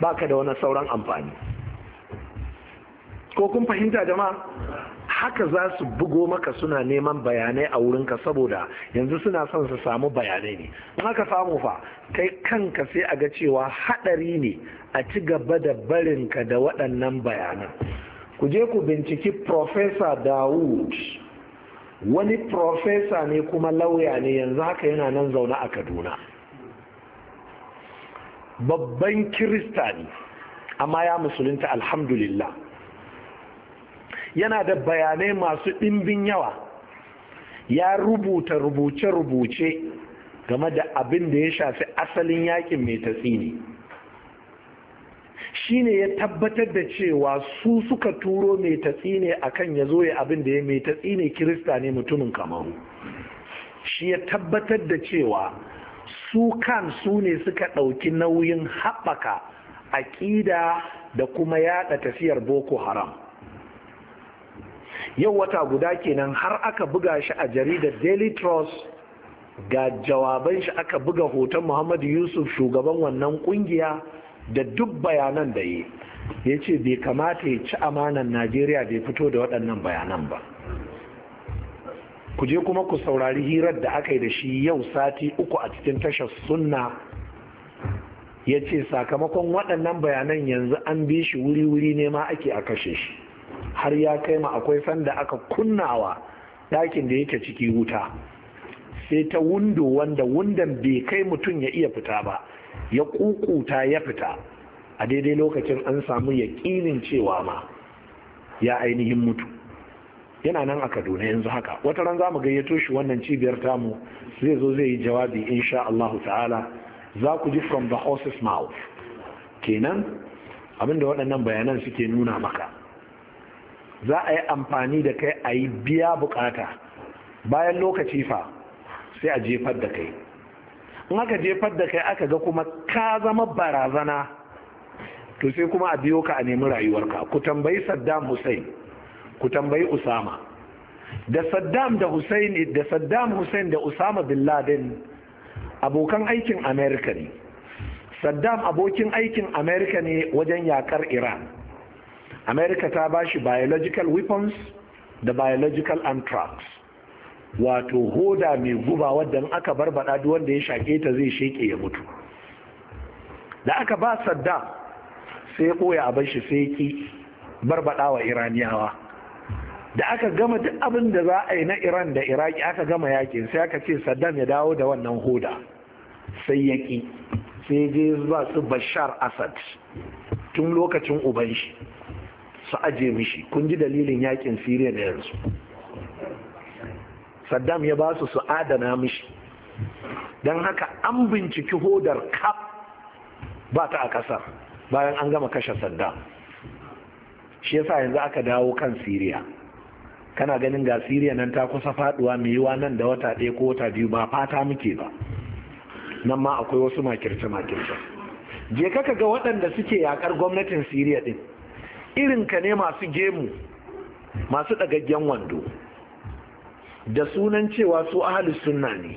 ba ka da wani sauran amfani ko kun fahimta jama'a haka za su bugo maka suna neman bayanai a wurinka saboda yanzu suna son su samu bayanai ne in aka samu fa kai kanka sai a ga cewa haɗari ne a ci gaba da barinka da waɗannan bayanan ku je ku binciki Profesa Dawud wani profesa ne kuma lauya ne yanzu haka yana nan zaune a kaduna babban kirista ne amma ya musulunta alhamdulillah yana da bayanai masu ɗimbin yawa ya rubuta rubuce-rubuce game da abin da ya shafi asalin yakin mai tatsini Shi ne ya tabbatar da cewa su suka turo mai tatsi ne akan ya zo ya abin da ya mai tatsi ne kirista ne mutumin kamaru shi ya tabbatar da cewa su kan su ne suka ɗauki nauyin haɓaka aƙida da kuma yaɗa tafiyar boko haram yau wata guda kenan har aka buga shi a jaridar daily trust ga jawaban shi aka buga hoton muhammadu yusuf shugaban wannan ƙungiya. da duk bayanan da yi ya ce bai kamata ya ci amanan najeriya bai fito da waɗannan bayanan ba ku je kuma ku saurari hirar da aka yi da shi yau sati uku a cikin tashar sunna ya ce sakamakon waɗannan bayanan yanzu an bi shi wuri-wuri ne ma ake a kashe shi har ya kai ma akwai sanda aka kunnawa ɗakin da yake ciki wuta sai ta wundo wanda wundan bai kai mutum ya iya fita ba ya kukuta ya fita a daidai lokacin an samu yaƙinin cewa ma ya ainihin mutu yana nan a kaduna yanzu haka wata ran za mu gayyato shi wannan cibiyar tamu zai zo zai yi jawabi insha Allah ta'ala za ku ji from the horse's mouth kenan abinda waɗannan bayanan suke nuna maka za a yi amfani da kai a yi biya bukata bayan lokaci fa sai a jefar da kai in aka jefar da kai aka ga kuma ka zama barazana to sai kuma a biyo ka a nemi rayuwarka ku tambayi saddam hussein ku tambayi usama da saddam da hussein da saddam hussein da usama bin laden abokan aikin amerika ne saddam abokin aikin amerika ne wajen yakar iran amerika ta ba shi biological weapons da biological anthrax wato hoda mai guba wadda aka barbada duk wanda ya shaƙe ta zai sheƙe ya mutu da aka ba sadda sai koya a shi sai ki barbada wa iraniyawa da aka gama duk abin da za a yi na iran da iraki aka gama yakin sai aka ce saddam ya dawo da wannan hoda sai ya ki sai je ba su bashar asad tun lokacin uban shi su aje mishi kun ji dalilin yakin siriya da yanzu saddam ya ba su su adana mishi don haka an binciki hodar kaf ba ta a ƙasar, bayan an gama kashe saddam shi yasa yanzu aka dawo kan siriya kana ganin ga siriya nan ta kusa faduwa mai yiwa nan da wata ɗaya ko wata biyu ba fata muke ba nan ma akwai wasu makirce makirce je kaka ga waɗanda suke yakar gwamnatin siriya ɗin irin ka ne masu gemu masu ɗagaggen wando da sunan cewa su ahalus sunna ne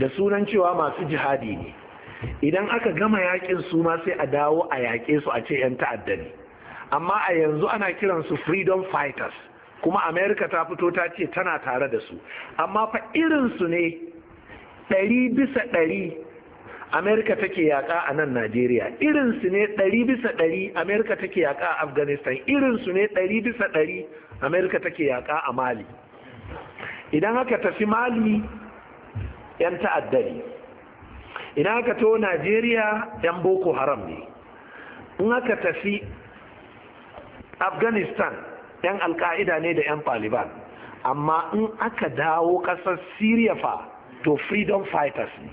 da sunan cewa masu jihadi ne idan aka gama yakin su ma sai a dawo a yaƙe su a ce 'yan ta'adda amma a yanzu ana kiran su freedom fighters kuma america ta fito ta ce tana tare da su amma fa irinsu ne ɗari bisa ɗari amerika take yaƙa a nan najeriya irinsu ne ɗari bisa ɗari amerika take yaƙa a afghanistan irinsu ne ɗari bisa ɗari amerika take yaƙa a mali idan haka tafi mali 'yan ta'adda ne idan haka to najeriya 'yan boko haram ne in haka tafi afghanistan 'yan alka'ida ne da 'yan taliban amma in aka dawo ƙasar syria fa to freedom fighters ne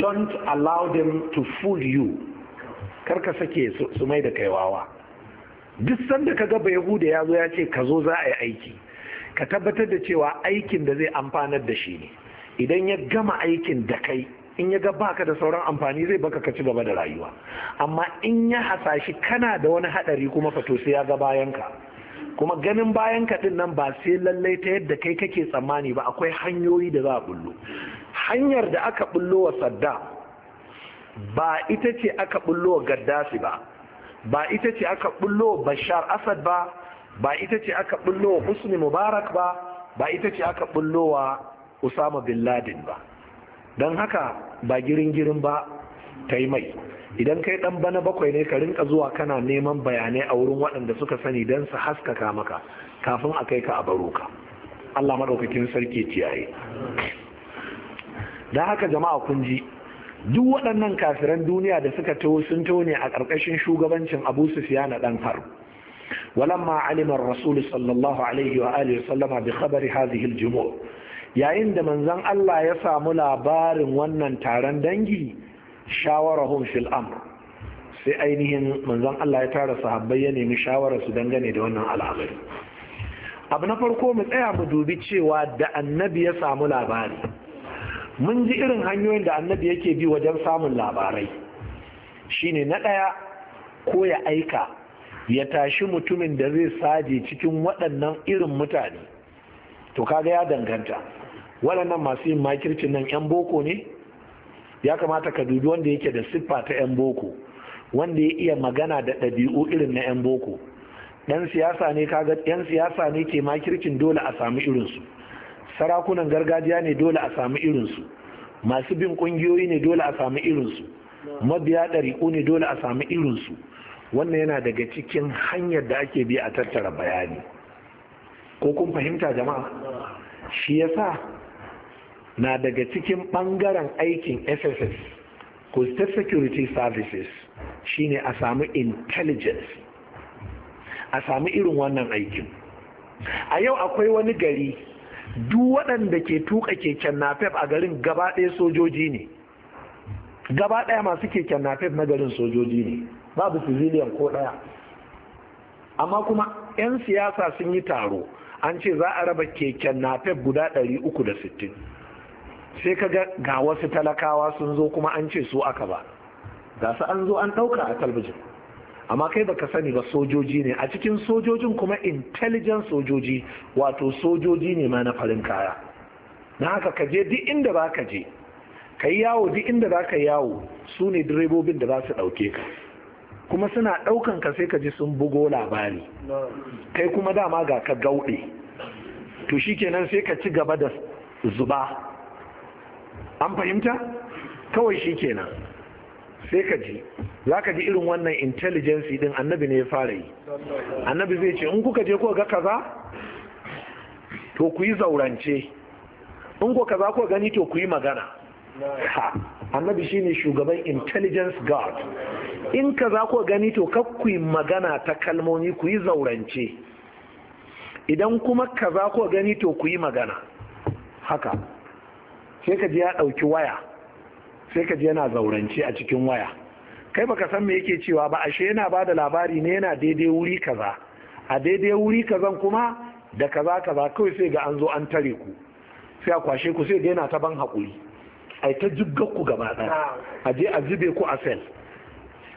don't allow them to fool you karka sake su mai da kaiwawa duk sanda ka gaba yahuda ya zo ya ce ka zo za a yi aiki ka tabbatar da cewa aikin da zai amfanar da shi ne idan ya gama aikin da kai in ya ga baka da sauran amfani zai baka ka ci gaba da rayuwa amma in ya hasashi kana da wani hadari kuma fato sai ya ga ka. kuma ganin bayan ka din nan ba sai lallai ta yadda kai kake tsammani ba akwai hanyoyi da za a bullo hanyar da aka bullo wa sadda ba ita ce aka bullo wa gaddafi ba ba ita ce aka bullo bashar asad ba ba ita ce aka bullo husni mubarak ba ba ita ce aka bullo wa usama bin laden ba don haka ba girin girin ba ta yi mai idan kai dan bana bakwai ne ka rinka zuwa kana neman bayanai a wurin waɗanda suka sani don su haskaka maka kafin a kai ka a baro ka Allah maɗaukakin sarki ciyaye da haka jama'a kun ji duk waɗannan kafiran duniya da suka taho sun taho ne a ƙarƙashin shugabancin abu na ɗan harb ولما علم الرسول صلى الله عليه Sallama وسلم بخبر هذه yayin da manzon Allah ya samu labarin wannan taron dangi shawarahum fil amr sai ainihin manzon Allah ya tara sahabbai ya nemi shawararsu su dangane da wannan al'amari abu na farko mu tsaya mu dubi cewa da annabi ya samu labari mun ji irin hanyoyin da annabi yake bi wajen samun labarai shine na ɗaya ko ya aika ya tashi mutumin da zai saje cikin waɗannan irin mutane to kaga ya danganta waɗannan masu yin makircin nan 'yan boko ne ya kamata ka dubi wanda yake da siffa ta 'yan boko wanda ya iya magana da ɗabi'u irin na 'yan boko ɗan siyasa ne siyasa ne ke makircin dole a samu irinsu sarakunan gargajiya ne dole a samu irinsu masu bin kungiyoyi ne dole a samu irinsu mabiya ɗariƙu ne dole a samu irinsu wannan yana daga cikin hanyar da ake bi a tattara bayani ko kun fahimta jama'a shi ya sa? na daga cikin ɓangaren aikin sss ko state security services shine a samu intelligence a samu irin wannan aikin a yau akwai wani gari duk waɗanda ke tuka keken nafef a garin gaba ɗaya sojoji ne gaba ɗaya masu keken nafef na garin sojoji ne babu civilian ko ɗaya amma kuma 'yan siyasa sun yi taro an ce za a raba keken nafef guda 360 sai ka ga wasu talakawa sun zo kuma an ce su aka ba ga su an zo an ɗauka a talbijin amma kai baka sani ba sojoji ne a cikin sojojin kuma intelligent sojoji wato sojoji ne ma na farin kaya na haka ka je duk inda ba ka je ka yi yawo duk inda za ka yawo su ne direbobin da za su ɗauke ka kuma suna ɗaukan ka sai ka ji sun bugo labari kai kuma dama ga ka gauɗe to shi kenan sai ka ci gaba da zuba an fahimta kawai shi kenan sai ka ji za ka ji irin wannan intelligence din annabi ne ya fara yi annabi zai ce in kuka je ko ga kaza to ku yi zaurance in ko kaza ko gani to ku yi magana ha annabi shine shugaban intelligence guard in kaza ko gani to kar ku yi magana ta kalmomi ku yi zaurance idan kuma kaza ko gani to ku yi magana haka sai ka ji ya ɗauki waya sai ka ji yana zaurance a cikin waya kai baka san me yake cewa ba ashe yana ba da labari ne yana daidai wuri kaza a daidai wuri kazan kuma da kaza kaza kawai sai ga an zo an tare ku sai a kwashe ku sai ga yana ta ban haƙuri a ta jigga ku gaba ɗaya a je a zube ku a sel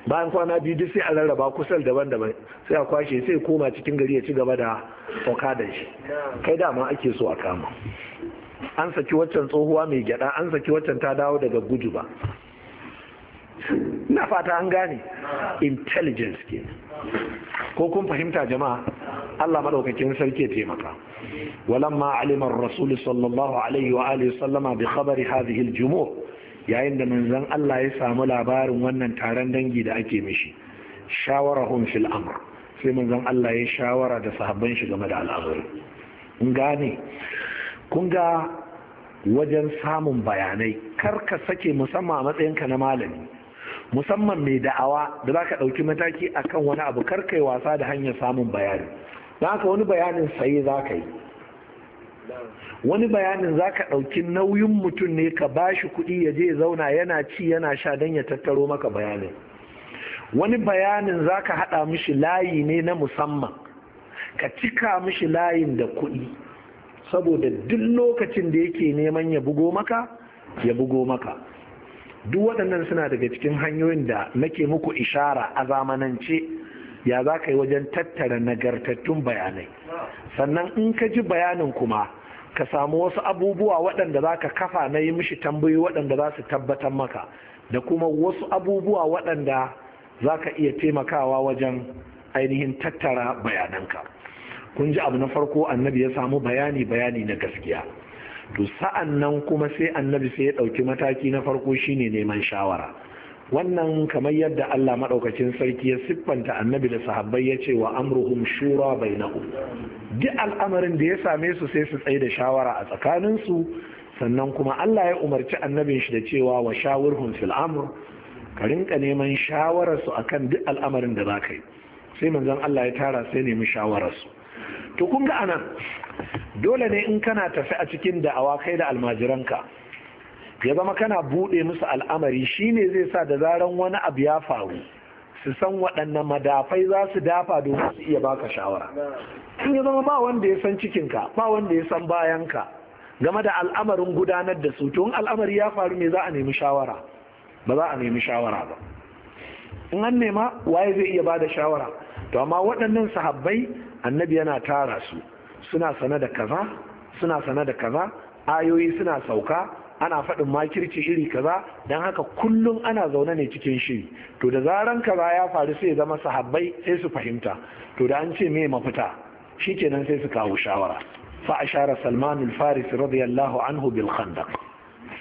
bayan kwana biyu duk sai a rarraba ku sel daban-daban sai a kwashe sai koma cikin gari ya ci gaba da okadan shi kai dama ake so a kama an saki waccan tsohuwa mai gyada an saki waccan ta dawo daga gudu ba na fata an gane intelligence ke ko kun fahimta jama'a Allah madaukakin sarki ya taimaka walamma aliman rasul sallallahu alaihi wa alihi sallama bi khabari hadhihi al yayin da manzon Allah ya samu labarin wannan taron dangi da ake mishi shawarahum fil amr sai manzon Allah ya shawara da sahabban shi game da al'amari gane kun ga wajen samun bayanai kar ka sake musamman a matsayinka na malami musamman mai da'awa da za ka ɗauki mataki a kan wani abu kar kai wasa da hanyar samun bayani don haka wani bayanin saye za ka yi wani bayanin za ka ɗauki nauyin mutum ne ka ba shi kuɗi ya je zauna yana ci yana sha don ya tattaro maka bayanin wani bayanin za ka haɗa mishi layi ne na musamman ka cika mishi layin da kuɗi saboda duk lokacin da yake neman ya bugo maka ya bugo maka duk waɗannan suna daga cikin hanyoyin da nake muku ishara a zamanance ya za ka yi wajen tattara nagartattun bayanai sannan in ka ji bayanin kuma ka samu wasu abubuwa waɗanda za ka kafa na yi mishi tambayi waɗanda za su tabbatar maka da kuma wasu abubuwa waɗanda za ka iya taimakawa wajen ainihin tattara bayananka. kun ji abu na farko annabi ya samu bayani bayani na gaskiya to sa'an nan kuma sai annabi sai ya ɗauki mataki na farko shine neman shawara wannan kamar yadda Allah maɗaukacin sarki ya siffanta annabi da sahabbai ya ce wa amruhum shura bainahum duk al'amarin da ya same su sai su tsaye da shawara a tsakaninsu sannan kuma Allah ya umarci annabin shi da cewa wa shawurhum fil amr ka rinka neman shawararsu akan duk al'amarin da za ka yi sai manzon Allah ya tara sai nemi shawararsu to kun ga anan dole ne in kana tafi a cikin da'awa kai da almajiranka ya zama kana bude musu al'amari shine zai sa da zaran wani abu ya faru su san waɗannan madafai za su dafa domin su iya baka shawara in ya zama ba wanda ya san cikinka ba wanda ya san bayanka game da al'amarin gudanar da su to in al'amari ya faru ne za a nemi shawara ba za a nemi shawara ba in an nema waye zai iya bada shawara to amma waɗannan sahabbai annabi yana tara su suna sane da kaza suna sane da kaza ayoyi suna sauka ana faɗin makirci iri kaza don haka kullum ana zaune ne cikin shiri to da zaran kaza ya faru sai zama sahabbai sai su fahimta to da an ce me mafita shikenan sai su kawo shawara fa ashara salman al-farisi radiyallahu anhu bil khandaq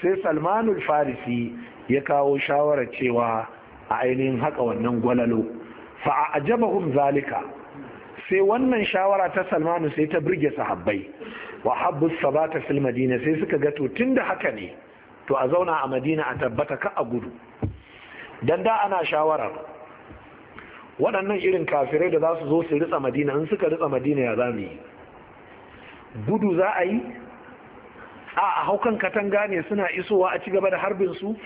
sai salman al-farisi ya kawo shawara cewa a ainihin haka wannan gwalalo fa a ajabahum zalika sai wannan shawara ta salmanu sai ta birge sahabbai wa habbu sabata fil madina sai suka ga to tunda haka ne to a zauna a madina a tabbata ka a gudu dan da ana shawarar waɗannan irin kafirai da za su zo su ritsa madina in suka ritsa madina ya za yi gudu za a yi a haukan katanga ne suna isowa a ci gaba da harbin su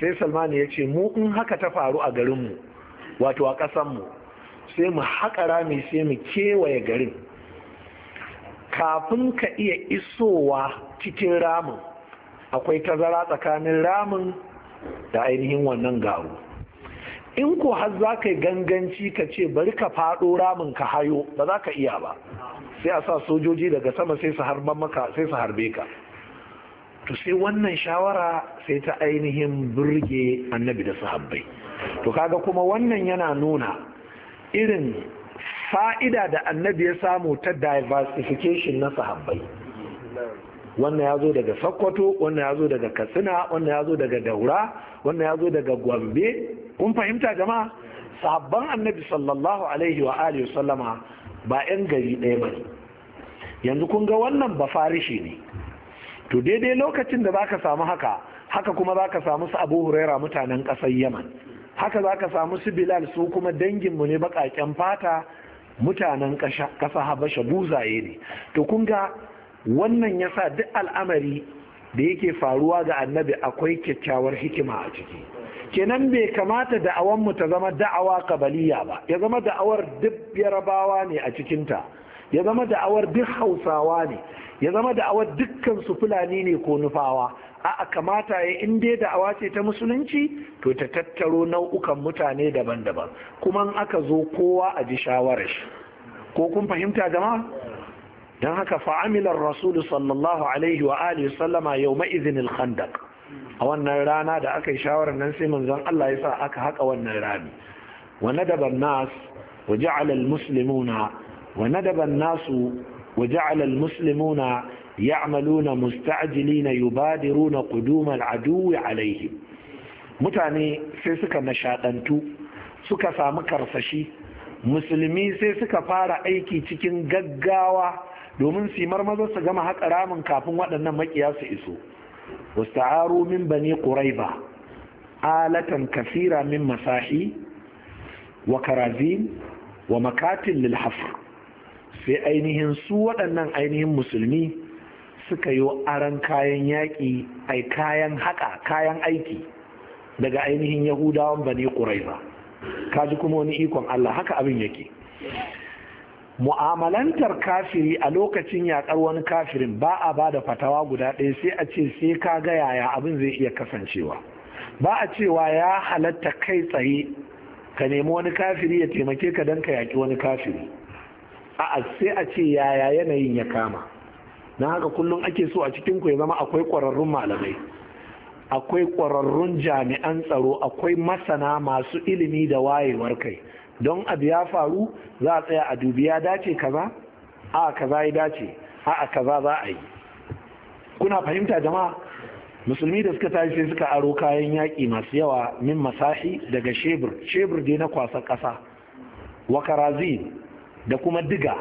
sai salmanu ya ce mu in haka ta faru a garinmu wato a ƙasanmu sai mu haƙa rami sai mu kewaye garin kafin ka iya isowa cikin ramin akwai tazara tsakanin ramin da ainihin wannan garu in ko har za ka yi ganganci ka ce bari ka faɗo ramin ka hayo ba za ka iya ba sai a sa sojoji daga sama sai su sai su harbe ka to sai wannan shawara sai ta ainihin burge annabi da sahabbai to kaga kuma wannan yana nuna irin fa'ida da annabi ya samu ta diversification na sahabbai wannan ya zo daga sokoto wannan ya zo daga katsina wannan ya zo daga daura wannan ya zo daga gombe kun fahimta jama'a sahabban annabi sallallahu alaihi wa alihi sallama ba 'yan gari ɗaya ba yanzu kun ga wannan ba farishi ne to daidai lokacin da ka samu haka haka kuma ka samu su abu huraira mutanen ƙasar yaman haka za ka samu su bilal su kuma danginmu ne baƙaƙen fata mutanen ƙasa habasha buzaye ne to kun ga wannan ya sa duk al'amari da yake faruwa ga annabi akwai kyakkyawar hikima a ciki kenan bai kamata mu ta zama da'awa kabaliya ba ya zama da'awar duk yarabawa ne a cikinta ya zama da'awar duk hausawa ne ya zama da'awar dukkan su fulani ne ko nufawa a kamata ya in dai da'awa ce ta musulunci to ta tattaro nau'ukan mutane daban-daban kuma in aka zo kowa a ji shawarar shi ko kun fahimta jama'a don haka fa'amilar rasulu sallallahu alaihi wa alihi sallama yau ma'izin khandaq a wannan rana da aka yi shawarar nan sai manzon Allah ya sa aka haka wannan rami wa nadaba nas wa ja'ala al wa nasu wa ja'ala ya'maluna musta'jilina yubadiruna quduma al-adu alaihim mutane sai suka nashadantu suka samu karsashi musulmi sai suka fara aiki cikin gaggawa domin simar maza su gama haƙa ramin kafin waɗannan makiya su iso wasta'aru min bani quraiba alatan kasira min masahi wa karazin wa makatin lil sai ainihin su waɗannan ainihin musulmi suka yi aran kayan yaƙi ai kayan haƙa kayan aiki daga ainihin yahudawan bane ƙurai Ka kaji kuma wani ikon allah haka abin yake mu'amalantar kafiri a lokacin yaƙar wani kafirin ba a ba da fatawa guda ɗaya sai a ce sai ka ga yaya abin zai iya kasancewa ba a cewa ya halatta kai tsaye ka nemi wani kafiri ya taimake ka don ka yaƙi wani kafiri a'a sai a ce yaya yanayin ya kama na haka kullum ake so a cikin ku ya zama akwai ƙwararrun malamai akwai ƙwararrun jami'an tsaro akwai masana masu ilimi da wayewar kai don abu ya faru za a tsaya a dubi ya dace kaza a kaza ya dace a kaza za a yi kuna fahimta jama'a musulmi da suka tashi sai suka aro kayan yaƙi masu yawa min masahi daga shebur shebur dai na kwasa ƙasa Wakarazin da kuma diga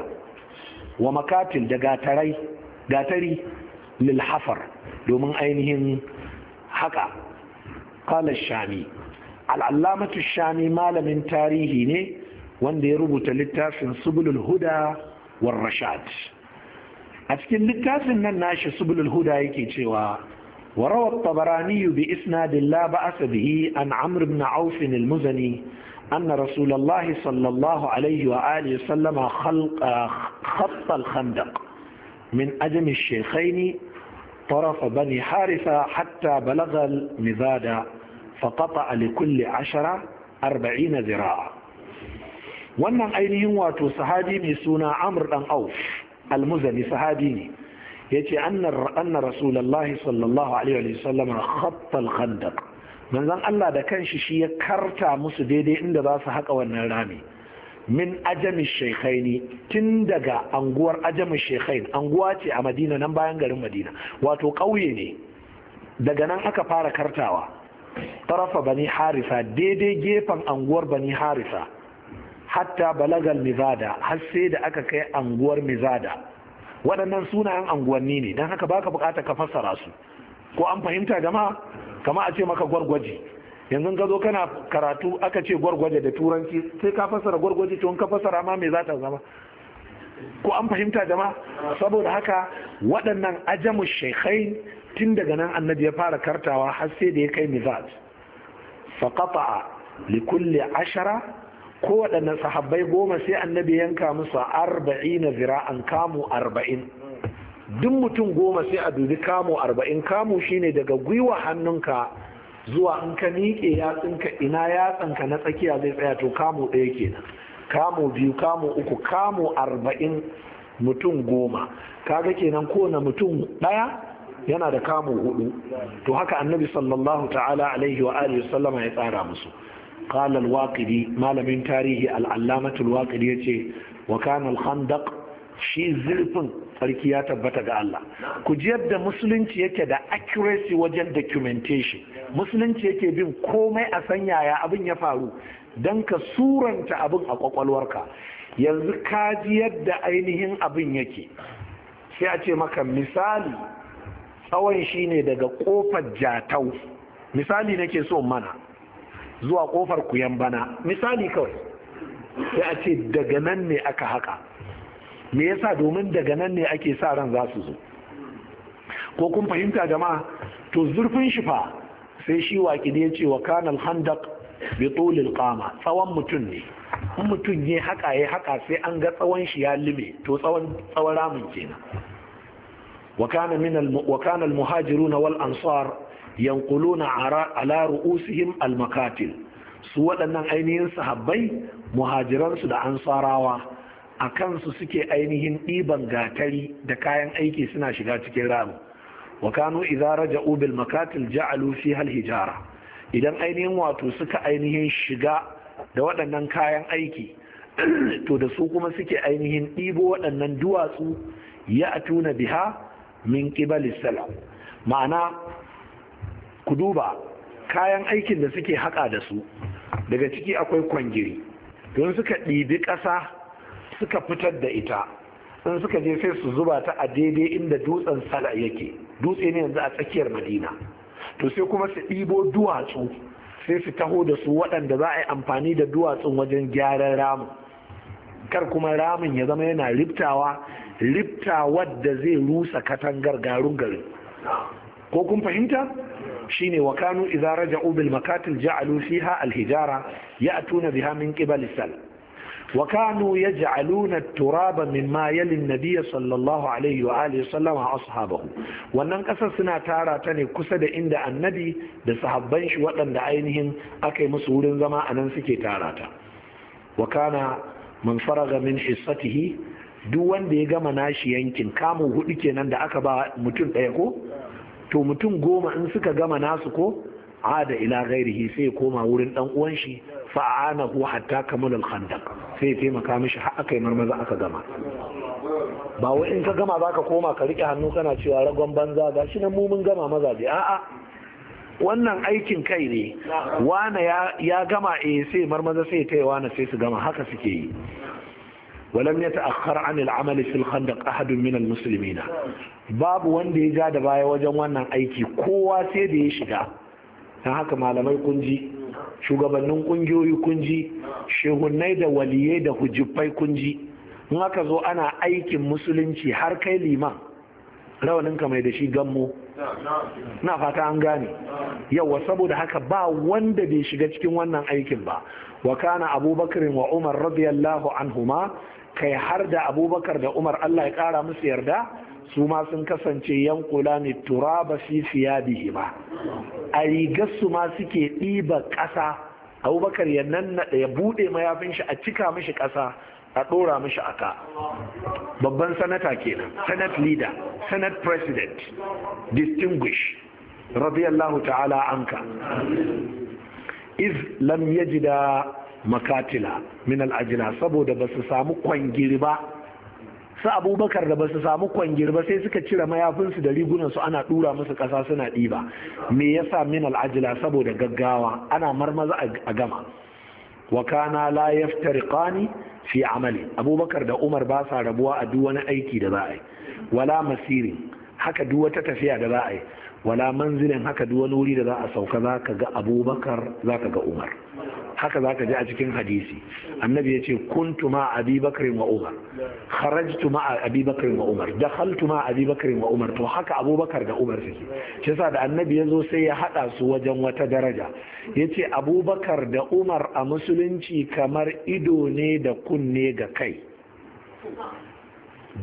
wa makatil da gatarai gatari lil hafar domin ainihin haka qala shami al'allamatu shami malamin tarihi ne wanda ya rubuta littafin subulul huda war rashad a cikin littafin nan nashi subulul huda yake cewa وروى الطبراني بإسناد لا بأس به عن عمرو بن عوف المزني أن رسول الله صلى الله عليه وآله وسلم خلق خط الخندق من أجم الشيخين طرف بني حارثة حتى بلغ المذاد فقطع لكل عشرة أربعين ziraa. wannan ainihin wato sahabi mai suna amr dan auf almuzani sahabi ne yace anna rasulullahi sallallahu alaihi wa sallam khatta khandaq manzon Allah da kanshi shi ya karta musu daidai inda za su haka wannan rami min ajamin ajami ne tun daga anguwar ajamin shekai, anguwa ce a madina nan bayan garin madina wato ƙauye ne daga nan aka fara kartawa tarafa bani harisa daidai gefen anguwar bani harisa, hatta balagal mizada har sai da aka kai anguwar mizada waɗannan sunayen anguwanni ne don haka baka bukata ka fassara su ko an fahimta gama kama a ce maka gwargwaji yanzu ka zo kana karatu aka ce gwargwaje da turanci sai ka fasara gwargwaje to ka fasara ma me za ta zama ko an fahimta jama saboda haka waɗannan ajamu shekai tun daga nan annabi ya fara kartawa har sai da ya kai mizaj faqata li kulli ashara ko waɗannan sahabbai goma sai annabi yanka musu arba'ina an kamu arba'in duk mutum goma sai a dubi kamu arba'in kamu shine daga gwiwa hannunka zuwa in ka miƙe yatsinka ina yatsanka na tsakiya zai tsaya to kamo ɗaya kenan kamo biyu kamo uku kamo arba'in mutum goma kaga kenan kowane mutum ɗaya yana da kamo hudu to haka annabi sallallahu ta'ala alaihi wa alihi sallama ya tsara musu qala al-waqidi malamin tarihi al-allamah al-waqidi yace wa kana al-khandaq shi zurfin sarki ya tabbata ga Allah ku ji yadda musulunci yake da accuracy wajen documentation musulunci yake bin komai a san yaya abin ya faru don ka suranta abin a kwakwalwarka yanzu ka ji yadda ainihin abin yake sai a ce maka misali tsawon shine daga kofar jatau misali nake so mana zuwa kofar kuyan bana misali kawai sai a ce daga nan ne aka haka me yasa domin daga nan ne ake sa ran za su zo ko kun fahimta jama'a to zurfin shi fa sai shi waki ya ce wa kanal handak bi qama tsawon mutum ne in mutum ne haka ya haka sai an ga tsawon shi ya lime to tsawon tsawon ramin kenan wa kana min al wa kana al muhajirun wal ansar yanquluna ala ru'usihim al makatil su waɗannan ainihin sahabbai muhajiransu da ansarawa a kansu suke ainihin ɗiban gatari da kayan aiki suna shiga cikin ramu wa kano izara raja'u bil makatil ja'alu fi hal hijara idan ainihin wato suka ainihin shiga da waɗannan kayan aiki to da su kuma suke ainihin ɗibo waɗannan duwatsu ya atuna biha min qibali salam ma'ana ku duba kayan aikin da suke haƙa da su daga ciki akwai kwangiri don suka ɗibi ƙasa suka fitar da ita in suka je sai su zuba ta a daidai inda dutsen sala yake dutse ne yanzu a tsakiyar madina to sai kuma su ɗibo duwatsu sai su taho da su waɗanda za a yi amfani da duwatsun wajen gyaran ramu, kar kuma ramin ya zama yana riftawa riftawar da zai rusa katangar garin garin ko kun fahimta shine wa kanu idza raja'u bil makatil ja'alu fiha al hijara ya'tuna biha min qibal وكانوا يجعلون التراب مما يلي النبي صلى الله عليه وآله وسلم أصحابه wannan kasar suna tarata ne kusa da inda annabi da sahabban shi waɗanda ainihin aka yi musu wurin zama a nan suke tara ta wa kana man faraga duk wanda ya gama nashi yankin kamun hudu kenan da aka ba mutum ɗaya ko to mutum goma in suka gama nasu ko A da ila gairihi sai koma wurin ɗan uwan shi fa'anahu hatta kamalul khandaq sai ya taimaka mishi har aka marmaza aka gama ba wai in ka gama za ka koma ka rike hannu kana cewa ragon banza ga shi nan mu mun gama maza mazaje a'a wannan aikin kai ne wani ya gama e sai marmaza sai ta yi wani sai su gama haka suke yi ولم يتأخر عن العمل في الخندق min al muslimina babu wanda ya ja da baya wajen wannan aiki kowa sai da ya shiga don haka malamai kunji shugabannin kungiyoyi kunji shehunai da waliyai da hujjifai kunji in aka zo ana aikin musulunci har kai liman rawaninka mai da shi gammo na fata an gane yawa saboda haka ba wanda bai shiga cikin wannan aikin ba wa kana abubakarin wa umar radiyallahu anhuma kai har da abubakar da umar allah ya kara musu yarda su ma sun kasance yankula ne turaba fi siyabihi ba. a su ma suke ɗiba ƙasa abubakar ya nannaɗa ya buɗe mayafin shi a cika mishi ƙasa a ɗora mishi a ka babban sanata kenan senate leader senate president distinguish radiyallahu ta'ala anka iz lam yajida makatila min al'ajina saboda ba su samu kwangiri ba su abubakar da ba su samu kwangir ba sai suka cire mayafinsu da rigunansu ana dura musu kasa suna ɗiba me yasa min al'ajila saboda gaggawa ana marmaza a gama wa kana la yaftariqani fi amali abubakar da umar ba sa rabuwa a duk wani aiki da za wala masirin haka duk wata tafiya da za a yi wala manzilin haka duk wani wuri da za a sauka za ka ga abubakar za ka ga umar haka za ka ji a cikin hadisi annabi ya ce kuntu ma abi wa umar kharajtu ma abi wa umar dakhaltu ma abi wa umar to haka abubakar da umar suke shi yasa da annabi ya zo sai ya hada su wajen wata daraja yace abubakar da umar a musulunci kamar ido ne da kunne ga kai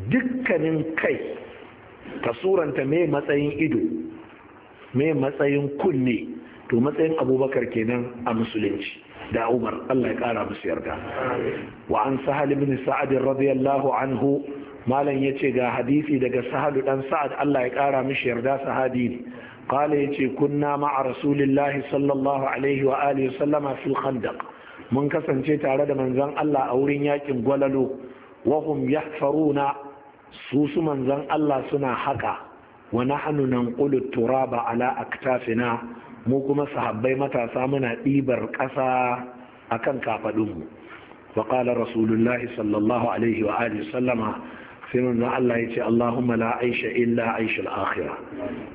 dukkanin kai ka mai matsayin ido mai matsayin kunne to matsayin abubakar kenan a musulunci da Umar Allah ya kara musu yarda wa an sahal ibn sa'ad radiyallahu anhu malam yace ga hadisi daga sahal dan sa'ad Allah ya kara mishi yarda sahabi قال يتي كنا مع رسول الله صلى الله عليه وآله وسلم في الخندق من كسن تارد من زن الله أورين يكن قللو وهم يحفرون سوس من زن الله سنا حقا ونحن ننقل التراب على أكتافنا mu kuma sahabbai matasa muna ɗibar ƙasa a kan kafaɗinmu wa ƙalar rasulullahi sallallahu alaihi wa alihi sallama sai nuna Allah ya ce Allahumma la aisha illa aishul akhira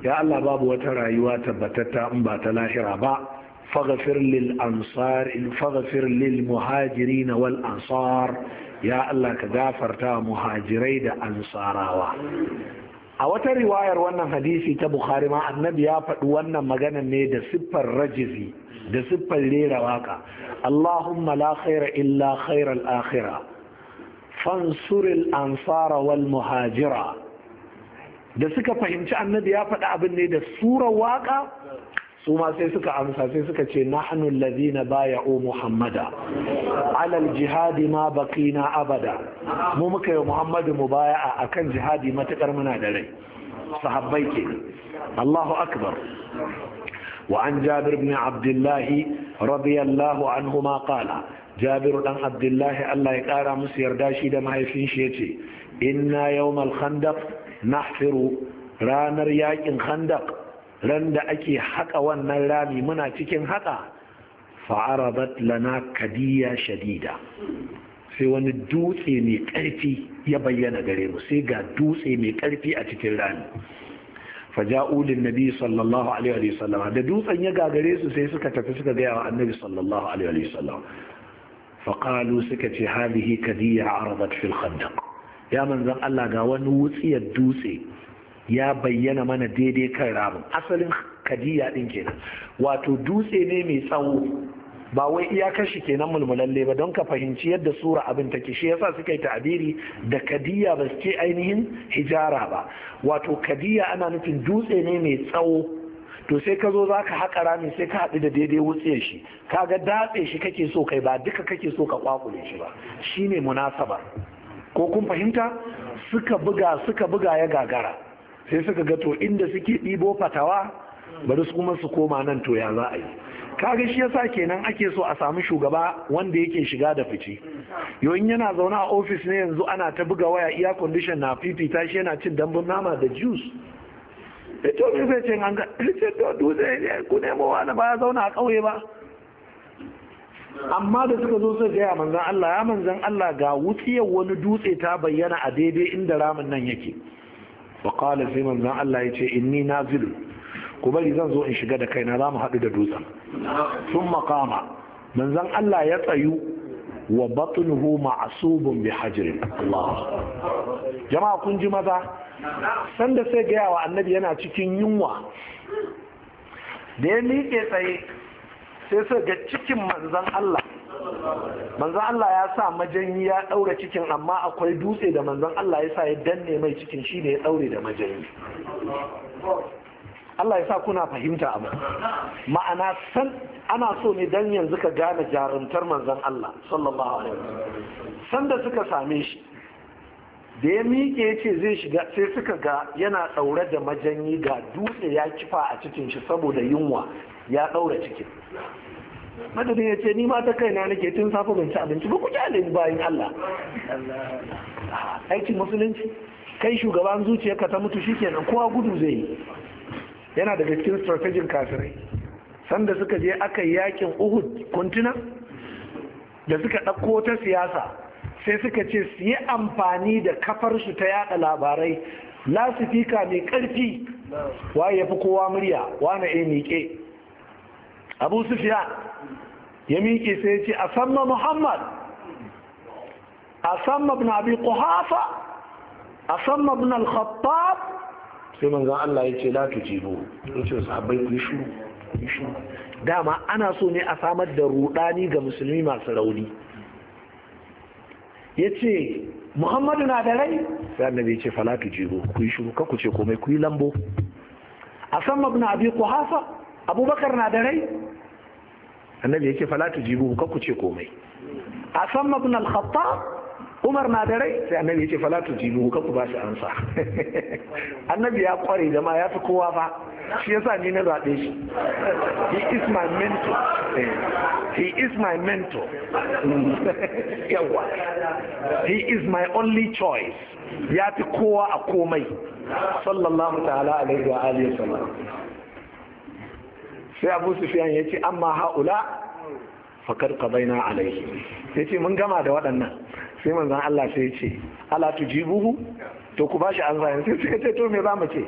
ya Allah babu wata rayuwa tabbatatta in ba ta lahira ba faghfir lil ansar faghfir lil muhajirin wal ansar ya Allah ka gafarta muhajirai da ansarawa a wata riwayar wannan hadisi ta bukhari ma annabi ya faɗi wannan magana ne da siffar rajizi da siffar rera waka allahumma la khaira illa khairal akhira fansuril ansara wal muhajira da suka fahimci annabi ya faɗi abin ne da surar waka su ma sai suka amsa sai suka ce nahnu allazina baya'u muhammada alal jihadi ma baqina abada mu muka yi muhammadu mubaya'a akan jihadi matakar muna da rai sahabbai ke Allahu akbar وعن جابر بن عبد الله رضي الله Jabiru قال جابر بن عبد الله الله يقارى مسير داشي دم هيفين شيتي إنا يوم الخندق نحفر رانر ياكن خندق ran da ake haƙa wannan rami muna cikin haƙa fa'arabat lana kadiya shadida sai wani dutse mai ƙarfi ya bayyana gare mu sai ga dutse mai ƙarfi a cikin rami faja'ulin nabi sallallahu alaihi wa sallam da dutsen ya gagare su sai suka tafi suka gaya wa annabi sallallahu alaihi wa sallam faƙalu suka ce hadihi kadiya arabat fil khandaq ya manzan Allah ga wani wutsiyar dutse ya bayyana mana daidai kan ramin asalin kadiya din kenan wato dutse ne mai tsawo ba wai iyakar shi kenan mulmulalle ba don ka fahimci yadda sura abin take shi yasa suka yi ta'abiri da kadiya ba su ce ainihin hijara ba wato kadiya ana nufin dutse ne mai tsawo to sai ka zo za ka haƙa rami sai ka haɗu da daidai wutse shi ka ga datse shi kake so kai ba duka kake so ka kwakule shi ba shi ne munasaba ko kun fahimta suka buga suka buga ya gagara sai suka ga to inda suke ɗibo fatawa bari su kuma su koma nan to ya za a yi kaga shi yasa kenan ake so a samu shugaba wanda yake shiga da fice yoyin yana zaune a ofis ne yanzu ana ta buga waya iya condition na fifita shi yana cin dambun nama da juice to ne zai ce an ce to dutse ne ku nemo wani ba ya zauna a ƙauye ba amma da suka zo sai gaya manzan Allah ya manzan Allah ga wutsiyar wani dutse ta bayyana a daidai inda ramin nan yake wa sai manzon Allah ya ce inni nazilu ku bari zan zo in shiga da kaina za mu haɗu da dutsen sun makama manzon Allah ya tsayu wa batnuhu ma'asubun bi hajrin Allah jama'a kun ji maza sanda sai gaya wa annabi yana cikin yunwa da ya miƙe tsaye sai sai ga cikin manzon Allah manzon Allah ya sa majanyi ya ɗaura cikin amma akwai dutse da manzon Allah ya sa ya danne mai cikin shi ne ya daure da majanyi Allah ya sa kuna fahimta abu ma'ana san ana so ne dan yanzu ka gane jarumtar manzon Allah sallallahu alaihi wasallam sanda suka same shi da ya miƙe ya ce zai shiga sai suka ga yana ɗaure da majanyi ga dutse ya kifa a cikin shi saboda yunwa ya ɗaure cikin madadin ya ce ni ma ta kaina nake tun safe ban ci abinci ba ku ji alayhi bayan Allah aikin musulunci kai shugaban zuciyarka ta mutu shikenan kowa gudu zai yi yana daga cikin strategic kafirai sanda suka je aka yi yakin Uhud kuntuna da suka ɗauko ta siyasa sai suka ce su yi amfani da kafar su ta yada labarai lasifika mai karfi waye ya fi kowa murya wane e abu sufiya ya miƙe sai ya ce a samma muhammad a samma bin abi kuhafa a samma bin al-khattab sai manzan Allah ya ce latu jibo ya ce sahabbai ku yi dama ana so ne a samar da rudani ga musulmi masu rauni ya ce muhammadu na da rai sai annabi ya ce falatu jibo ku yi shuru kaku ce komai ku yi lambo a samma bin abi kuhafa abubakar na da rai annabi yake Falatu tujibu ka ku ce komai asam ibn al-khattab umar na da rai sai annabi yake Falatu tujibu ka ku ba shi ansa annabi ya kware jama'a ya fi kowa fa shi yasa ni na zaɓe shi he is my mentor he is my mentor yawa he is my only choice ya fi kowa a komai sallallahu ta'ala alaihi wa alihi wa sallam sai abu sufiyan ya ce amma ha'ula fakar na alaihi ya ce mun gama da waɗannan sai manzan Allah sai ya ce ala buhu to ku ba shi an zayen sai suka ce to me ba mu ce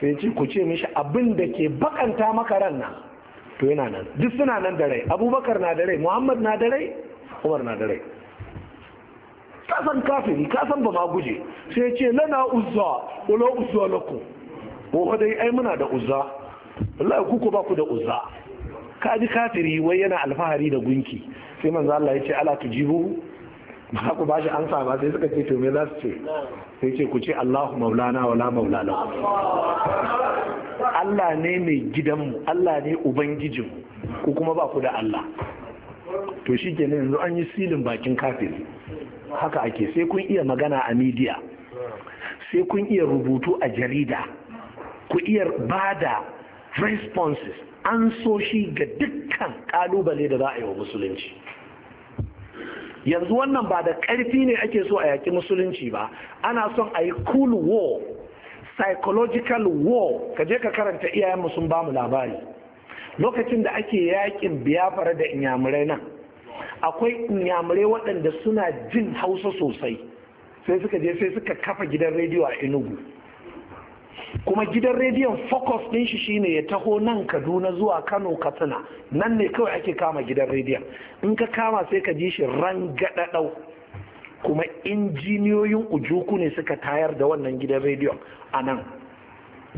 sai ya ce ku ce mishi abin da ke bakanta maka ran nan to yana nan duk suna nan da rai abubakar na da rai muhammad na da rai umar na da rai ka san kafiri ka san ba ma guje sai ya ce lana uzza ulo uzza lakum ko dai ai muna da uzza wallahi ku ko ba ku da uzza ka ji kafiri wai yana alfahari da gunki sai manzo Allah ya ce ala tujibu ba ku ba shi ansa ba sai suka ce to me za su ce sai ce ku ce Allahu maulana wala maulana Allah ne mai gidanmu Allah ne ubangijin ku kuma ba ku da Allah to shi ke yanzu an yi silin bakin kafiri haka ake sai kun iya magana a midiya sai kun iya rubutu a jarida ku iya bada responses an so shi ga dukkan kalubale da za a yi wa musulunci yanzu wannan ba da ƙarfi ne ake so a yaƙi musulunci ba ana son a yi cool war psychological war ka je ka karanta iyayenmu sun ba mu labari lokacin da ake yaƙin biyafara da inyamurai nan akwai inyamurai waɗanda suna jin hausa sosai sai suka je sai suka kafa gidan rediyo a inugu kuma gidan rediyon focus ɗin shi shine ya taho nan kaduna zuwa kano katsina nan ne kawai ake kama gidan rediyon in ka kama sai ka ji shi rangadadau kuma injiniyoyin ujuku ne suka tayar da wannan gidan rediyon a nan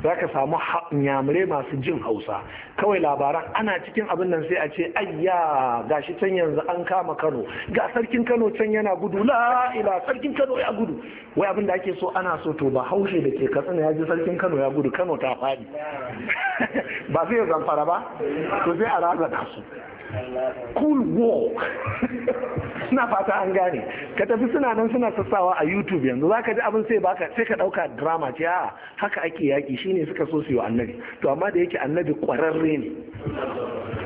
za ka samu nyamure masu jin hausa kawai labaran ana cikin abin nan sai a ce ayya shi can yanzu an kama kano ga sarkin kano can yana gudu la sarkin kano ya gudu wai abin da ake so ana so to ba haushe da ke katsina ya ji sarkin kano ya gudu kano ta faɗi ba sai ya zamfara ba to sai a razana su cool walk suna fata an gane ka tafi suna nan suna sassawa a youtube yanzu za ka ji abin sai baka sai ka dauka drama ce a ah, haka ake yaki shine suka so su yi annabi to amma da yake annabi kwararre ne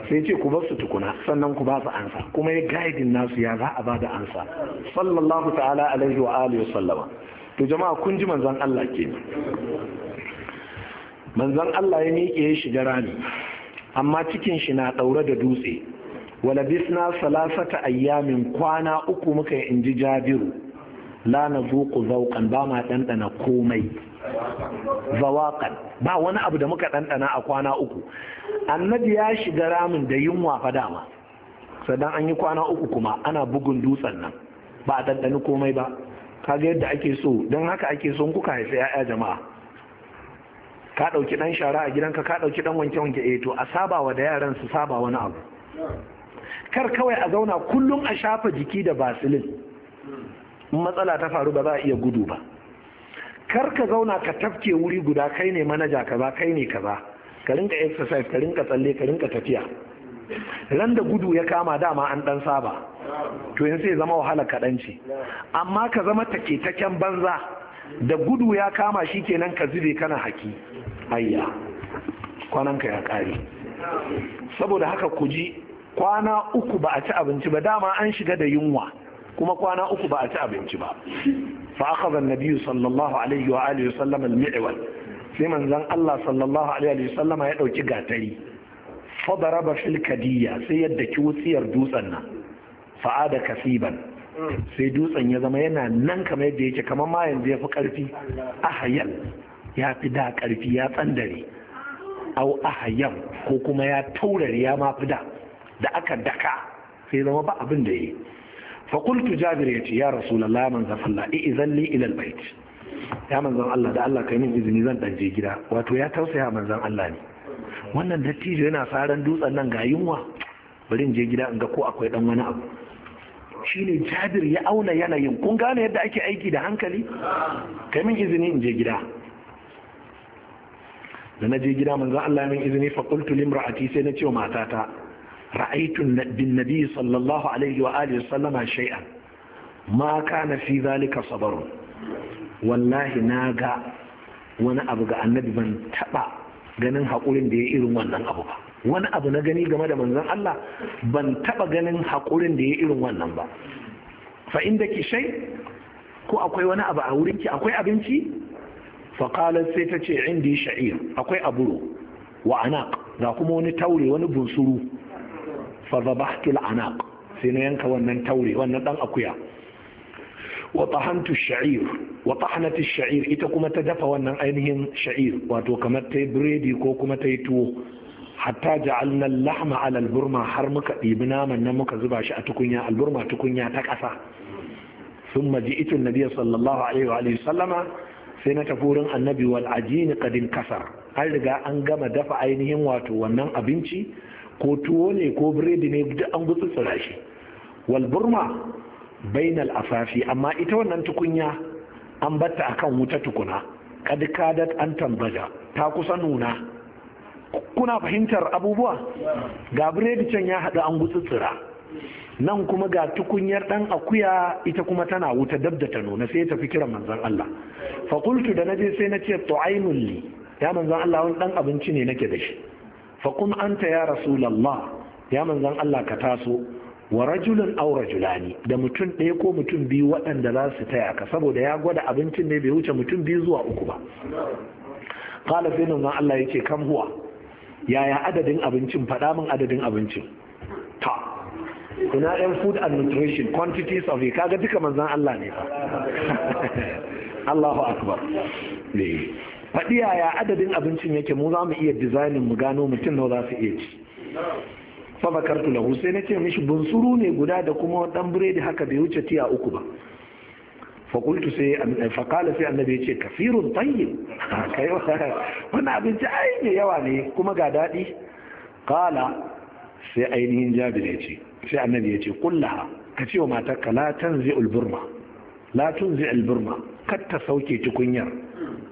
sai ce ku bar su tukuna sannan ku ba su ansa kuma ya gaidin nasu ya za a ba da ansa sallallahu ta'ala alaihi wa alihi sallama to jama'a kun ji manzon Allah ke manzon Allah ya miƙe shi shiga rami amma cikin shi na ɗaure da dutse walabisna salasata ayyamin kwana uku muka yi inji jabiru la na zuku zauƙan ba ma ɗanɗana komai zawaƙan ba wani abu da muka ɗanɗana a kwana uku annabi ya shiga ramin da yunwa fa dama sannan an yi kwana uku kuma ana bugun dutsen nan ba a ɗanɗani komai ba kaga yadda ake so don haka ake so kuka haifi 'ya'ya jama'a ka ɗauki ɗan shara a gidanka ka ɗauki ɗan wanke-wanke eh to a sabawa da yaran su saba wani abu kar kawai a zauna kullum a shafa jiki da basilin matsala ta faru ba za a iya gudu ba kar ka zauna ka tafke wuri guda kai ne manaja kaza kai ne kaza ka rinka exercise ka rinka tsalle ka rinka tafiya ran da gudu ya kama dama an dan saba to yanzu sai zama wahala kaɗan ce amma ka zama take taken banza da gudu ya kama shi kenan ka zube kana haki hayya kwananka ya kare saboda haka ku ji kwana uku ba a ci abinci ba dama an shiga da yunwa kuma kwana uku ba a ci abinci ba fa akhadha an-nabiy sallallahu alaihi wa alihi wa sallam al-mi'wal sai manzon Allah sallallahu alaihi wa sallama ya dauki gatari fa daraba fil kadiyya sai yadda ki wutsiyar dutsen nan fa ada kasiban sai dutsen ya zama yana nan kamar yadda yake kamar ma yanzu ya fi karfi ahayyan ya fi da ƙarfi ya tsandare au hayan ko kuma ya taurari ya mafi da da aka daka sai zama ba abin da yi fakultu jabir ya ce ya rasulallah ya manzan Allah i'izan li ilal bait ya manzan Allah da Allah kai min izini zan dan je gida wato ya tausaya manzan Allah ne wannan dattijo yana ran dutsen nan ga yunwa bari in je gida in ga ko akwai dan wani abu shine jabir ya auna yanayin kun gane yadda ake aiki da hankali kai min izini in je gida da na je gida manzon Allah min izini fa qultu limra'ati sai na ce wa matata ra'aytu bin nabi sallallahu alaihi wa alihi sallama shay'an ma kana fi zalika sabr wallahi na ga wani abu ga annabi ban taba ganin haƙurin da ya irin wannan abu ba wani abu na gani game da manzon Allah ban taba ganin haƙurin da ya irin wannan ba fa inda ki shai ko akwai wani abu a wurinki akwai abinci faƙalar sai ta ce indi sha'ir akwai aburo wa anaq ga kuma wani taure wani bunsuru fazabahtul anaq sai na yanka wannan taure wannan dan akuya wa tahantu sha'ir wa tahnatu sha'ir ita kuma ta dafa wannan ainihin sha'ir wato kamar ta yi biredi ko kuma ta yi tuwo hatta ja'alna lahma ala alburma har muka ɗibi naman nan muka zuba shi a tukunya alburma tukunya ta ƙasa sun maji itun nabiya sallallahu alaihi wa sallama sai na tafi wurin annabi wal ajini kadin kasar an riga an gama dafa ainihin wato wannan abinci ko tuwo ne ko biredi ne duk an tsira shi wal burma bainal asafi amma ita wannan tukunya an batta akan wuta tukuna kad kadat an tambaja ta kusa nuna kuna fahimtar abubuwa ga biredi can ya haɗu an tsira. nan kuma ga tukunyar ɗan akuya ita kuma tana wuta dab da ta nuna sai ta tafi kiran manzon Allah fa qultu da naje sai nace tu'ainul li ya manzon Allah wani dan abinci ne nake da shi fa kum anta ya rasulullah ya manzon Allah ka taso wa rajulun aw rajulani da mutum ɗaya ko mutum biyu waɗanda za su taya ka saboda ya gwada abincin ne bai wuce mutum biyu zuwa uku ba qala sai manzon Allah yace kam huwa yaya adadin abincin faɗa min adadin abincin ta ina yan food and nutrition quantities of it kaga duka manzan Allah ne fa Allahu akbar ne faɗi yaya adadin abincin yake mu za mu iya designing mu gano mutum nawa za su iya ci bakartu lahu sai na ce mishi bunsuru ne guda da kuma dan biredi haka bai wuce tiya uku ba fakultu sai fakala sai annabi ya ce kafirun tayyib kai wannan abinci ai mai yawa ne kuma ga daɗi kala sai ainihin jabi ya ce sai annabi ya ce kullaha ka ce wa matarka la tanzi alburma la tunzi alburma kar ta sauke tukunyar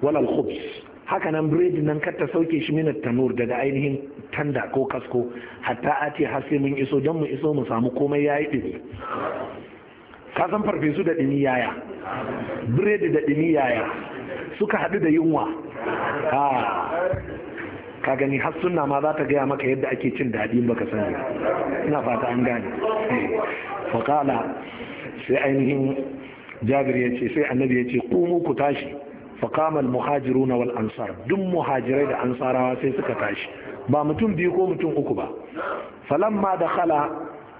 walal khubs haka nan biredi nan kar ta sauke shi minar tanur daga ainihin tanda ko kasko hatta ati har sai mun iso don mu iso mu samu komai yayi dimi ka san farfesu da dimi yaya biredi da dimi yaya suka haɗu da yunwa ah. ka gani har sunna ma za ta gaya maka yadda ake cin daɗi baka sani ina fata an gane eh. faƙala sai ainihin jabir ya ce sai annabi ya ce ƙumu ku tashi faƙamal muhajiru wal ansar duk muhajirai da ansarawa sai suka tashi ba mutum biyu ko mutum uku ba ma da khala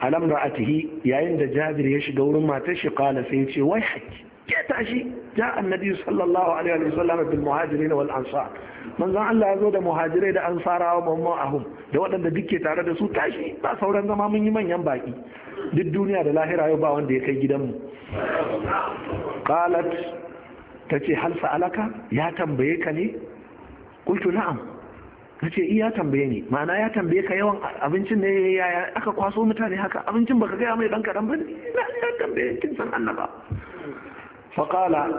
alam ra'atihi yayin da jabir ya shiga wurin matar shi kala sai ya ce wai haki keta tashi, ja annabi sallallahu alaihi wa sallam bil muhajirin wal ansar manzon Allah ya zo da muhajirai da ansarawa mamman ahum da waɗanda duke tare da su tashi ba sauran zama mun yi manyan baki duk duniya da lahira yau ba wanda ya kai gidanmu qalat tace hal sa'alaka ya tambaye ka ne qultu na'am nace iya tambaye ni ma'ana ya tambaye ka yawan abincin ne ya aka kwaso mutane haka abincin baka gaya mai dan kadan ba ne na tambaye kin san annaba faƙala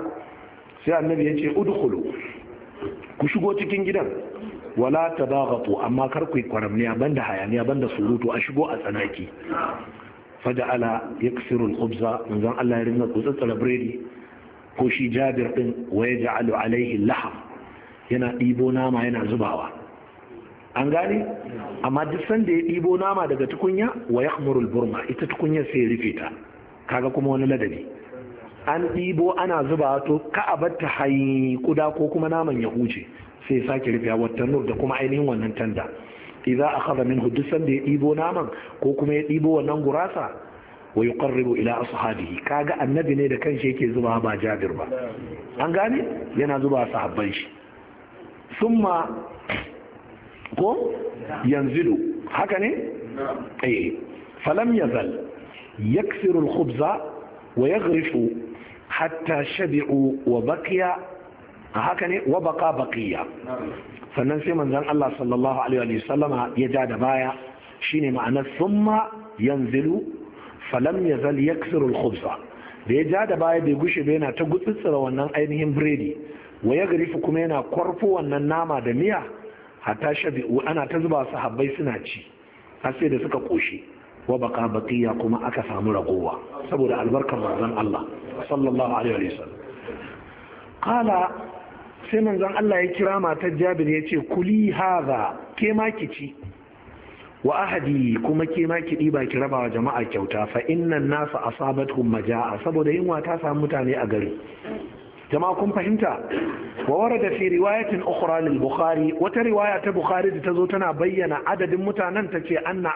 sai annabi ya ce udkhulu ku shigo cikin gidan wala ta amma kar ku yi kwaramniya banda hayaniya banda surutu a shigo a tsanaki faja'ala yaksiru al-khubza zan Allah ya rinka kutsatsara biredi ko shi Jabir din wa ja'alu alaihi laham yana ɗibo nama yana zubawa an gane amma duk sanda ya ɗibo nama daga tukunya wa yahmurul burma ita tukunya sai ya rufe ta kaga kuma wani ladabi an ɗibo ana zuba to ka'abar ta hayi kuda ko kuma naman ya huce sai ya sake rufe wata nur da kuma ainihin wannan tanda idza akhadha min dusan da ya ɗibo naman ko kuma ya ɗibo wannan gurasa wa yuqarribu ila ashabihi kaga annabi ne da kanshi yake zuba ba Jabir ba an gane yana zuba sahabban shi summa ko yanzilu haka ne eh falam yazal yaksiru al-khubza wa yaghrifu hatta shabi'u wa baqiya a haka ne wa baqa baqiya sannan sai manzon Allah sallallahu alaihi wa sallama ya ja da baya shine ma'anar summa yanzilu falam yazal yaksiru al-khubza da ya ja da baya bai gushe ba yana ta gutsutsura wannan ainihin biredi wa ya garifu kuma yana kwarfo wannan nama da miya hatta shabi'u ana ta zuba su habbai suna ci har sai da suka koshe. wa baka baqiya kuma aka samu ragowa saboda albarkar manzon Allah sallallahu alaihi wasallam qala sai manzon Allah ya kira matar Jabir ya ce kuli haza ke ma ki ci wa ahadi kuma ke ma ki ɗiba ki rabawa jama'a kyauta fa innan nasu asabatuhum maja'a saboda yunwa ta samu mutane a gari jama'a kun fahimta wa warada fi riwayatin ukhra lil bukhari wata riwaya ta bukhari da tazo tana bayyana adadin mutanen tace anna